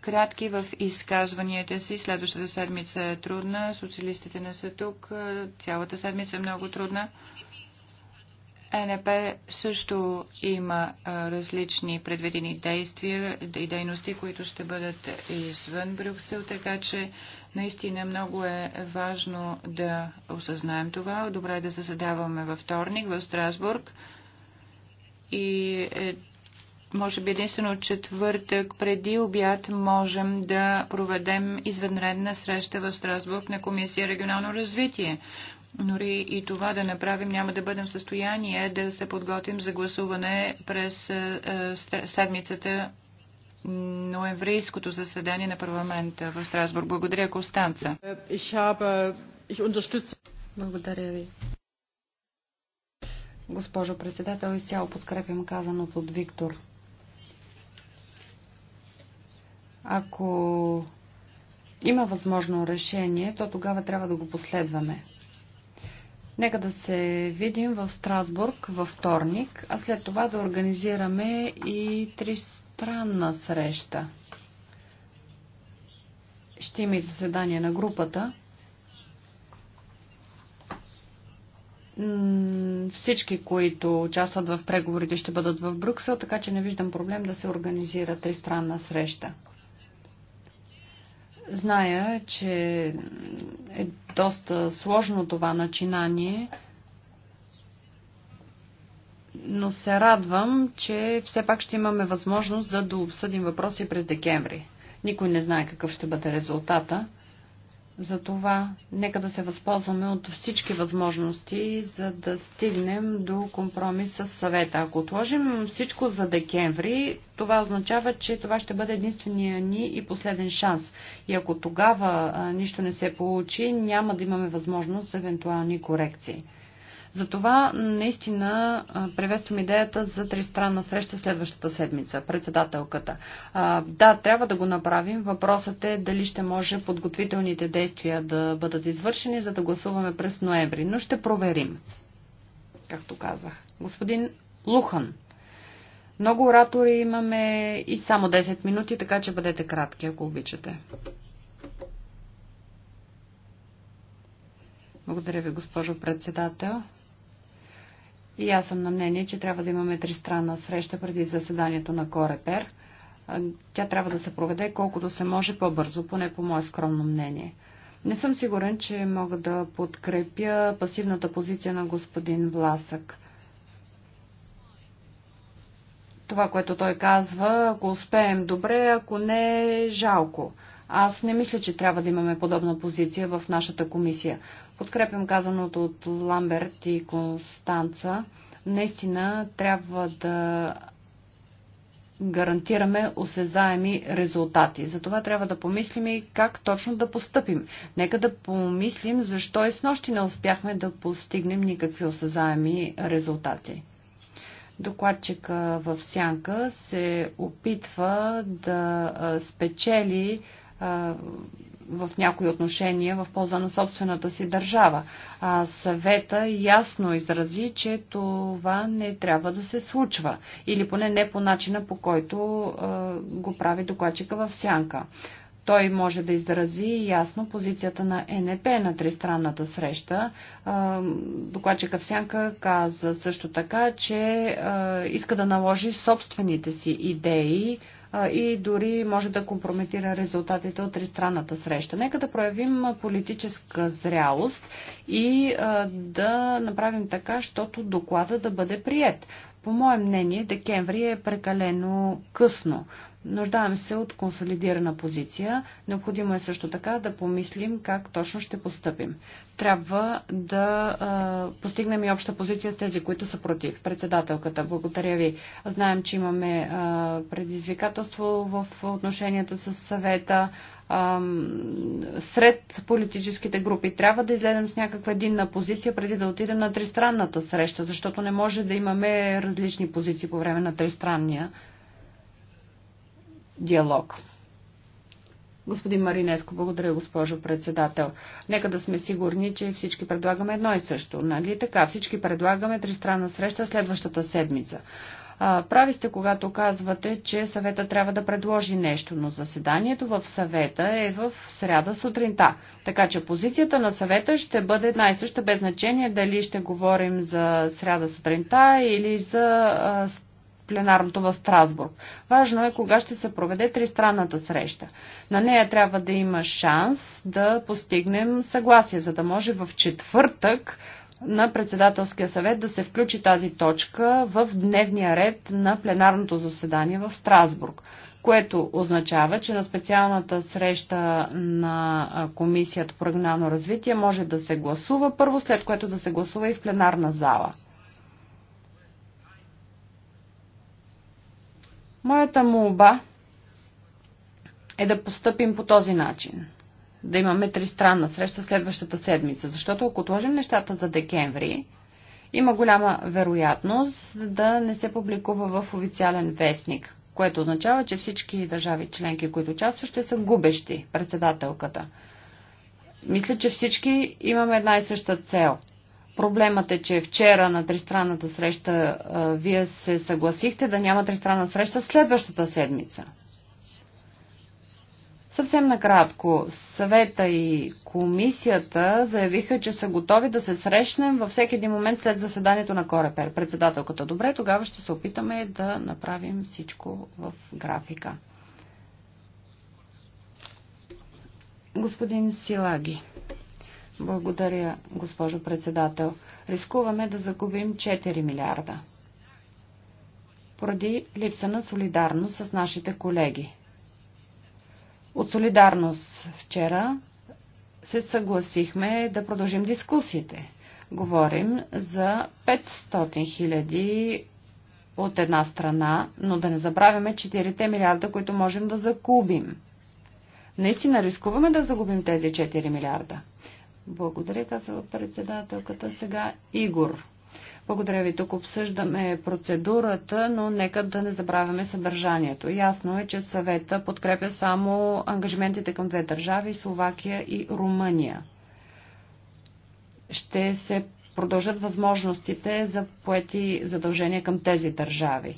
кратки в изказванията си. Следващата седмица е трудна. Социалистите не са тук. Цялата седмица е много трудна. Е НП също има различни предвидени действия и дейности, които ще бъдат извън Брюксел, така че наистина много е важно да осъзнаем това. Добре е да задаваме във вторник в Страсбург и е, може би единствено четвъртък преди обяд можем да проведем извънредна среща в Страсбург на Комисия регионално развитие. Нори и това да направим, няма да бъдем в състояние да се подготвим за гласуване през е, е, седмицата ноемврийското заседание на парламента в Страсбург. Благодаря, Костанца. Е, Благодаря ви. Госпожо председател, изцяло подкрепям казаното от Виктор. Ако има възможно решение, то тогава трябва да го последваме. Нека да се видим в Страсбург във вторник, а след това да организираме и тристранна среща. Ще има и заседание на групата. Всички, които участват в преговорите, ще бъдат в Брюксел, така че не виждам проблем да се организира тристранна среща. Зная, че е доста сложно това начинание, но се радвам, че все пак ще имаме възможност да дообсъдим въпроси през декември. Никой не знае какъв ще бъде резултата, затова нека да се възползваме от всички възможности, за да стигнем до компромис с съвета. Ако отложим всичко за декември, това означава, че това ще бъде единствения ни и последен шанс. И ако тогава нищо не се получи, няма да имаме възможност за евентуални корекции. Затова наистина приветствам идеята за тристранна среща следващата седмица, председателката. А, да, трябва да го направим. Въпросът е дали ще може подготвителните действия да бъдат извършени, за да гласуваме през ноември. Но ще проверим, както казах. Господин Лухан. Много оратори имаме и само 10 минути, така че бъдете кратки, ако обичате. Благодаря ви, госпожо председател. И аз съм на мнение, че трябва да имаме тристранна среща преди заседанието на Корепер. Тя трябва да се проведе колкото се може по-бързо, поне по мое скромно мнение. Не съм сигурен, че мога да подкрепя пасивната позиция на господин Власък. Това, което той казва, ако успеем добре, ако не, жалко. Аз не мисля, че трябва да имаме подобна позиция в нашата комисия. Подкрепям казаното от Ламберт и Констанца. Наистина трябва да гарантираме осезаеми резултати. Затова трябва да помислим и как точно да постъпим. Нека да помислим защо и с нощи не успяхме да постигнем никакви осезаеми резултати. Докладчика в сянка се опитва да спечели в някои отношения в полза на собствената си държава. А съвета ясно изрази, че това не трябва да се случва. Или поне не по начина, по който а, го прави докладчика в сянка. Той може да изрази ясно позицията на НП на тристранната среща. Докладчика Сянка каза също така, че иска да наложи собствените си идеи и дори може да компрометира резултатите от тристранната среща. Нека да проявим политическа зрялост и да направим така, щото доклада да бъде прият. По мое мнение, декември е прекалено късно. Нуждаем се от консолидирана позиция. Необходимо е също така да помислим как точно ще поступим. Трябва да а, постигнем и обща позиция с тези, които са против. Председателката, благодаря ви. Знаем, че имаме а, предизвикателство в отношенията с съвета а, сред политическите групи. Трябва да излезем с някаква единна позиция преди да отидем на тристранната среща, защото не може да имаме различни позиции по време на тристранния диалог. Господин Маринеско, благодаря, госпожо председател. Нека да сме сигурни, че всички предлагаме едно и също. Нали така? Всички предлагаме тристранна среща следващата седмица. А, прави сте, когато казвате, че съвета трябва да предложи нещо, но заседанието в съвета е в сряда сутринта. Така че позицията на съвета ще бъде една и съща, без значение дали ще говорим за сряда сутринта или за а, пленарното в Страсбург. Важно е кога ще се проведе тристранната среща. На нея трябва да има шанс да постигнем съгласие, за да може в четвъртък на председателския съвет да се включи тази точка в дневния ред на пленарното заседание в Страсбург, което означава, че на специалната среща на Комисията по регионално развитие може да се гласува първо, след което да се гласува и в пленарна зала. Моята молба е да постъпим по този начин. Да имаме тристранна среща следващата седмица, защото ако отложим нещата за декември, има голяма вероятност да не се публикува в официален вестник, което означава, че всички държави членки, които участват, ще са губещи председателката. Мисля, че всички имаме една и съща цел – Проблемът е, че вчера на тристранната среща вие се съгласихте да няма тристранна среща следващата седмица. Съвсем накратко, съвета и комисията заявиха, че са готови да се срещнем във всеки един момент след заседанието на Корепер. Председателката, добре, тогава ще се опитаме да направим всичко в графика. Господин Силаги. Благодаря, госпожо председател. Рискуваме да загубим 4 милиарда поради липса на солидарност с нашите колеги. От солидарност вчера се съгласихме да продължим дискусиите. Говорим за 500 хиляди от една страна, но да не забравяме 4 милиарда, които можем да загубим. Наистина рискуваме да загубим тези 4 милиарда. Благодаря, казва председателката. Сега Игор. Благодаря ви. Тук обсъждаме процедурата, но нека да не забравяме съдържанието. Ясно е, че съвета подкрепя само ангажиментите към две държави Словакия и Румъния. Ще се продължат възможностите за поети задължения към тези държави.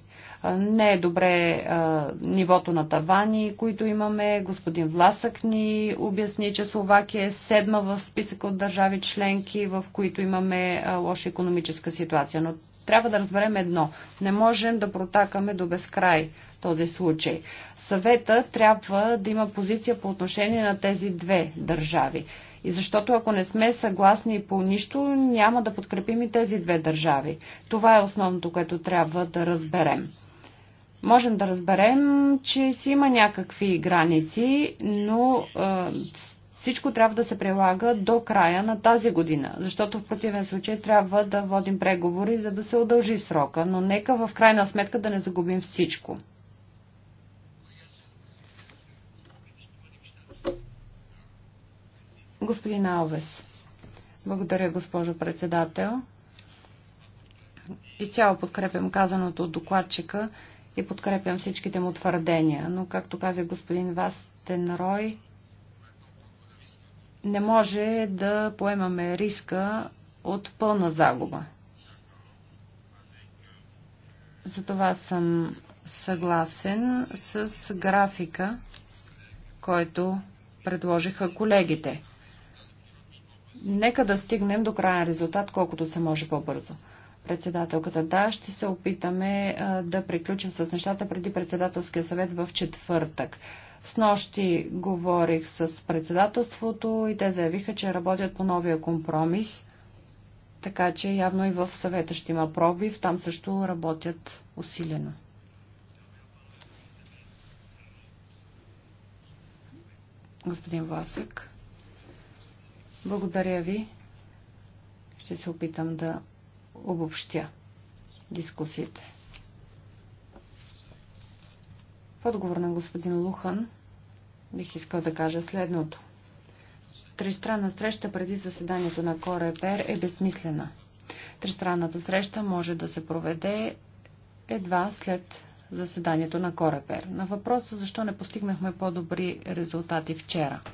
Не е добре а, нивото на тавани, които имаме. Господин Власък ни обясни, че Словакия е седма в списъка от държави членки, в които имаме а, лоша економическа ситуация. Но трябва да разберем едно. Не можем да протакаме до безкрай този случай. Съвета трябва да има позиция по отношение на тези две държави. И защото ако не сме съгласни по нищо, няма да подкрепим и тези две държави. Това е основното, което трябва да разберем можем да разберем, че си има някакви граници, но всичко трябва да се прилага до края на тази година, защото в противен случай трябва да водим преговори, за да се удължи срока, но нека в крайна сметка да не загубим всичко. Господин Алвес. Благодаря, госпожо председател. Изцяло подкрепям казаното от докладчика и подкрепям всичките му твърдения. Но, както каза господин Вастен Рой, не може да поемаме риска от пълна загуба. Затова съм съгласен с графика, който предложиха колегите. Нека да стигнем до крайен резултат колкото се може по-бързо председателката. Да, ще се опитаме да приключим с нещата преди председателския съвет в четвъртък. С нощи говорих с председателството и те заявиха, че работят по новия компромис, така че явно и в съвета ще има пробив. Там също работят усилено. Господин Васък, благодаря ви. Ще се опитам да обобщя дискусиите. В отговор на господин Лухан бих искал да кажа следното. Тристранна среща преди заседанието на Корепер е безсмислена. Тристранната среща може да се проведе едва след заседанието на Корепер. На въпроса защо не постигнахме по-добри резултати вчера –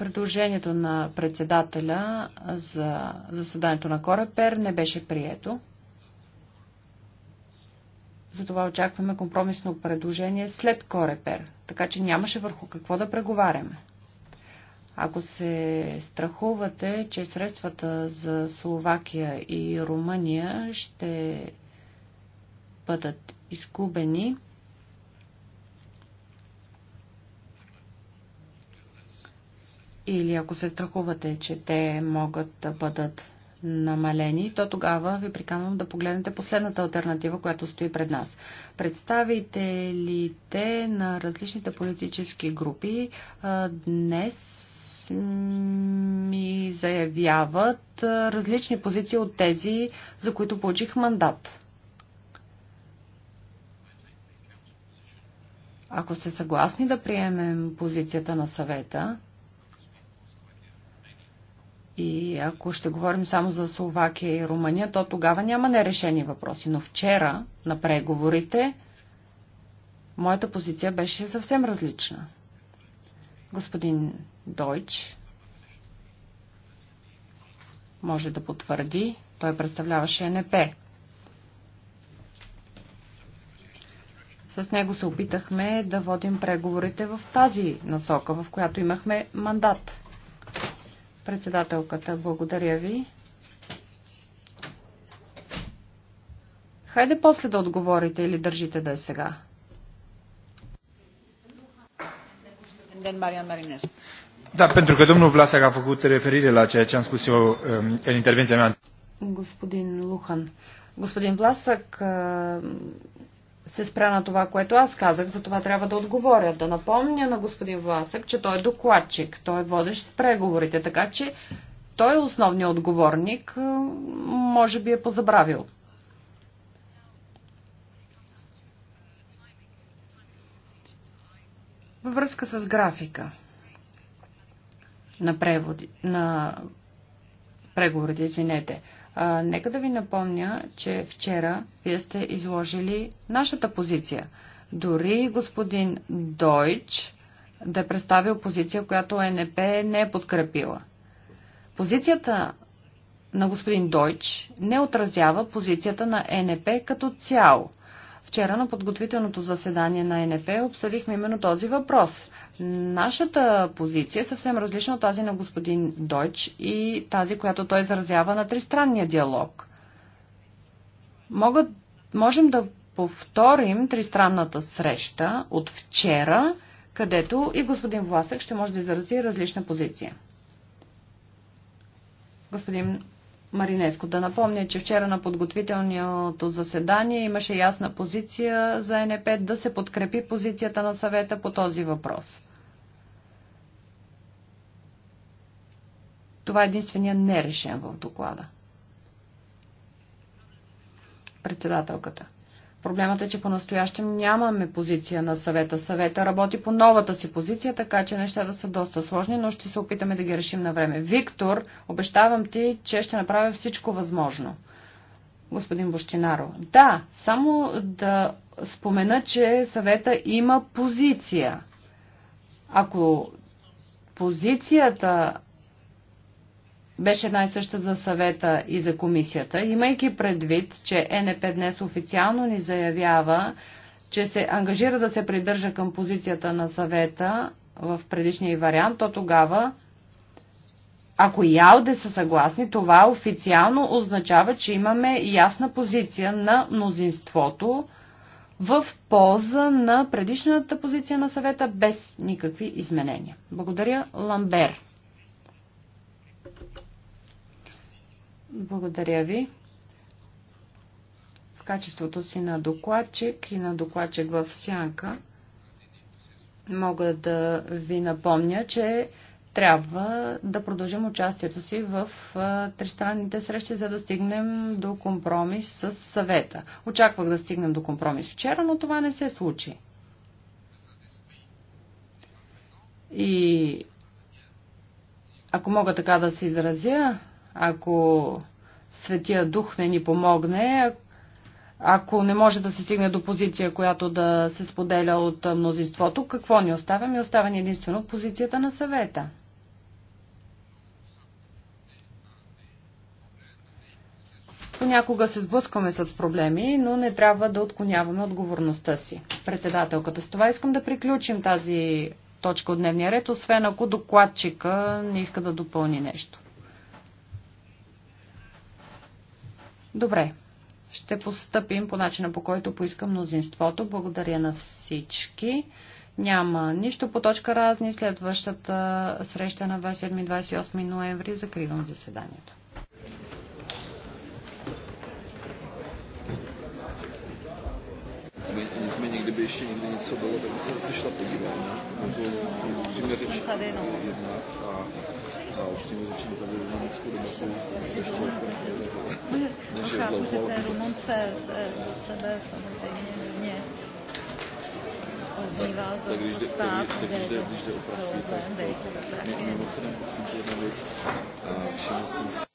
Предложението на председателя за заседанието на Корепер не беше прието. Затова очакваме компромисно предложение след Корепер, така че нямаше върху какво да преговаряме. Ако се страхувате, че средствата за Словакия и Румъния ще бъдат изгубени, или ако се страхувате, че те могат да бъдат намалени, то тогава ви приканвам да погледнете последната альтернатива, която стои пред нас. Представителите на различните политически групи днес ми заявяват различни позиции от тези, за които получих мандат. Ако сте съгласни да приемем позицията на съвета, и ако ще говорим само за Словакия и Румъния, то тогава няма нерешени въпроси. Но вчера на преговорите моята позиция беше съвсем различна. Господин Дойч може да потвърди, той представляваше НП. С него се опитахме да водим преговорите в тази насока, в която имахме мандат. Председателката, благодаря ви. Хайде после да отговорите или държите да е сега. Да, pentru că domnul Vlasac a făcut referire la ceea ce am spus eu um, în intervenția mea. Господин Лухан. Господин Власък се спря на това, което аз казах, за това трябва да отговоря. Да напомня на господин Власък, че той е докладчик, той е водещ преговорите, така че той е основният отговорник, е, може би е позабравил. Във връзка с графика на, преводи, на преговорите, извинете, а, нека да ви напомня, че вчера вие сте изложили нашата позиция. Дори господин Дойч да е представил позиция, която НП не е подкрепила. Позицията на господин Дойч не отразява позицията на НП като цяло. Вчера на подготвителното заседание на НП обсъдихме именно този въпрос. Нашата позиция е съвсем различна от тази на господин Дойч и тази, която той изразява на тристранния диалог. Могат, можем да повторим тристранната среща от вчера, където и господин Власък ще може да изрази различна позиция. Господин Маринеско. Да напомня, че вчера на подготвителното заседание имаше ясна позиция за НП да се подкрепи позицията на съвета по този въпрос. Това е единствения нерешен в доклада. Председателката. Проблемът е, че по-настоящем нямаме позиция на съвета. Съвета работи по новата си позиция, така че нещата са доста сложни, но ще се опитаме да ги решим на време. Виктор, обещавам ти, че ще направя всичко възможно. Господин Бощинаро. Да, само да спомена, че съвета има позиция. Ако позицията беше най съща за съвета и за комисията, имайки предвид, че НП днес официално ни заявява, че се ангажира да се придържа към позицията на съвета в предишния вариант, то тогава, ако и Алде са съгласни, това официално означава, че имаме ясна позиция на мнозинството в полза на предишната позиция на съвета без никакви изменения. Благодаря, Ламбер. Благодаря ви. В качеството си на докладчик и на докладчик в сянка мога да ви напомня, че трябва да продължим участието си в тристранните срещи, за да стигнем до компромис с съвета. Очаквах да стигнем до компромис вчера, но това не се случи. И ако мога така да се изразя, ако Светия Дух не ни помогне, ако не може да се стигне до позиция, която да се споделя от мнозинството, какво ни оставя? Ми оставя ни единствено позицията на съвета. Понякога се сблъскваме с проблеми, но не трябва да отклоняваме отговорността си. Председателката, с това искам да приключим тази точка от дневния ред, освен ако докладчика не иска да допълни нещо. Добре, ще постъпим по начина по който поиска мнозинството. Благодаря на всички. Няма нищо по точка разни. Следващата среща на 27-28 ноември. Закривам заседанието. zmieni, gdyby się a upřímně řečeno tady v debatu ještě než je Chápu, že ten Rumunce z, sebe samozřejmě mě oznívá tak, tak když jde, tak, když jde, když jde o prachy, tak to, mimochodem, prosím tě, jedna věc, všiml jsem si,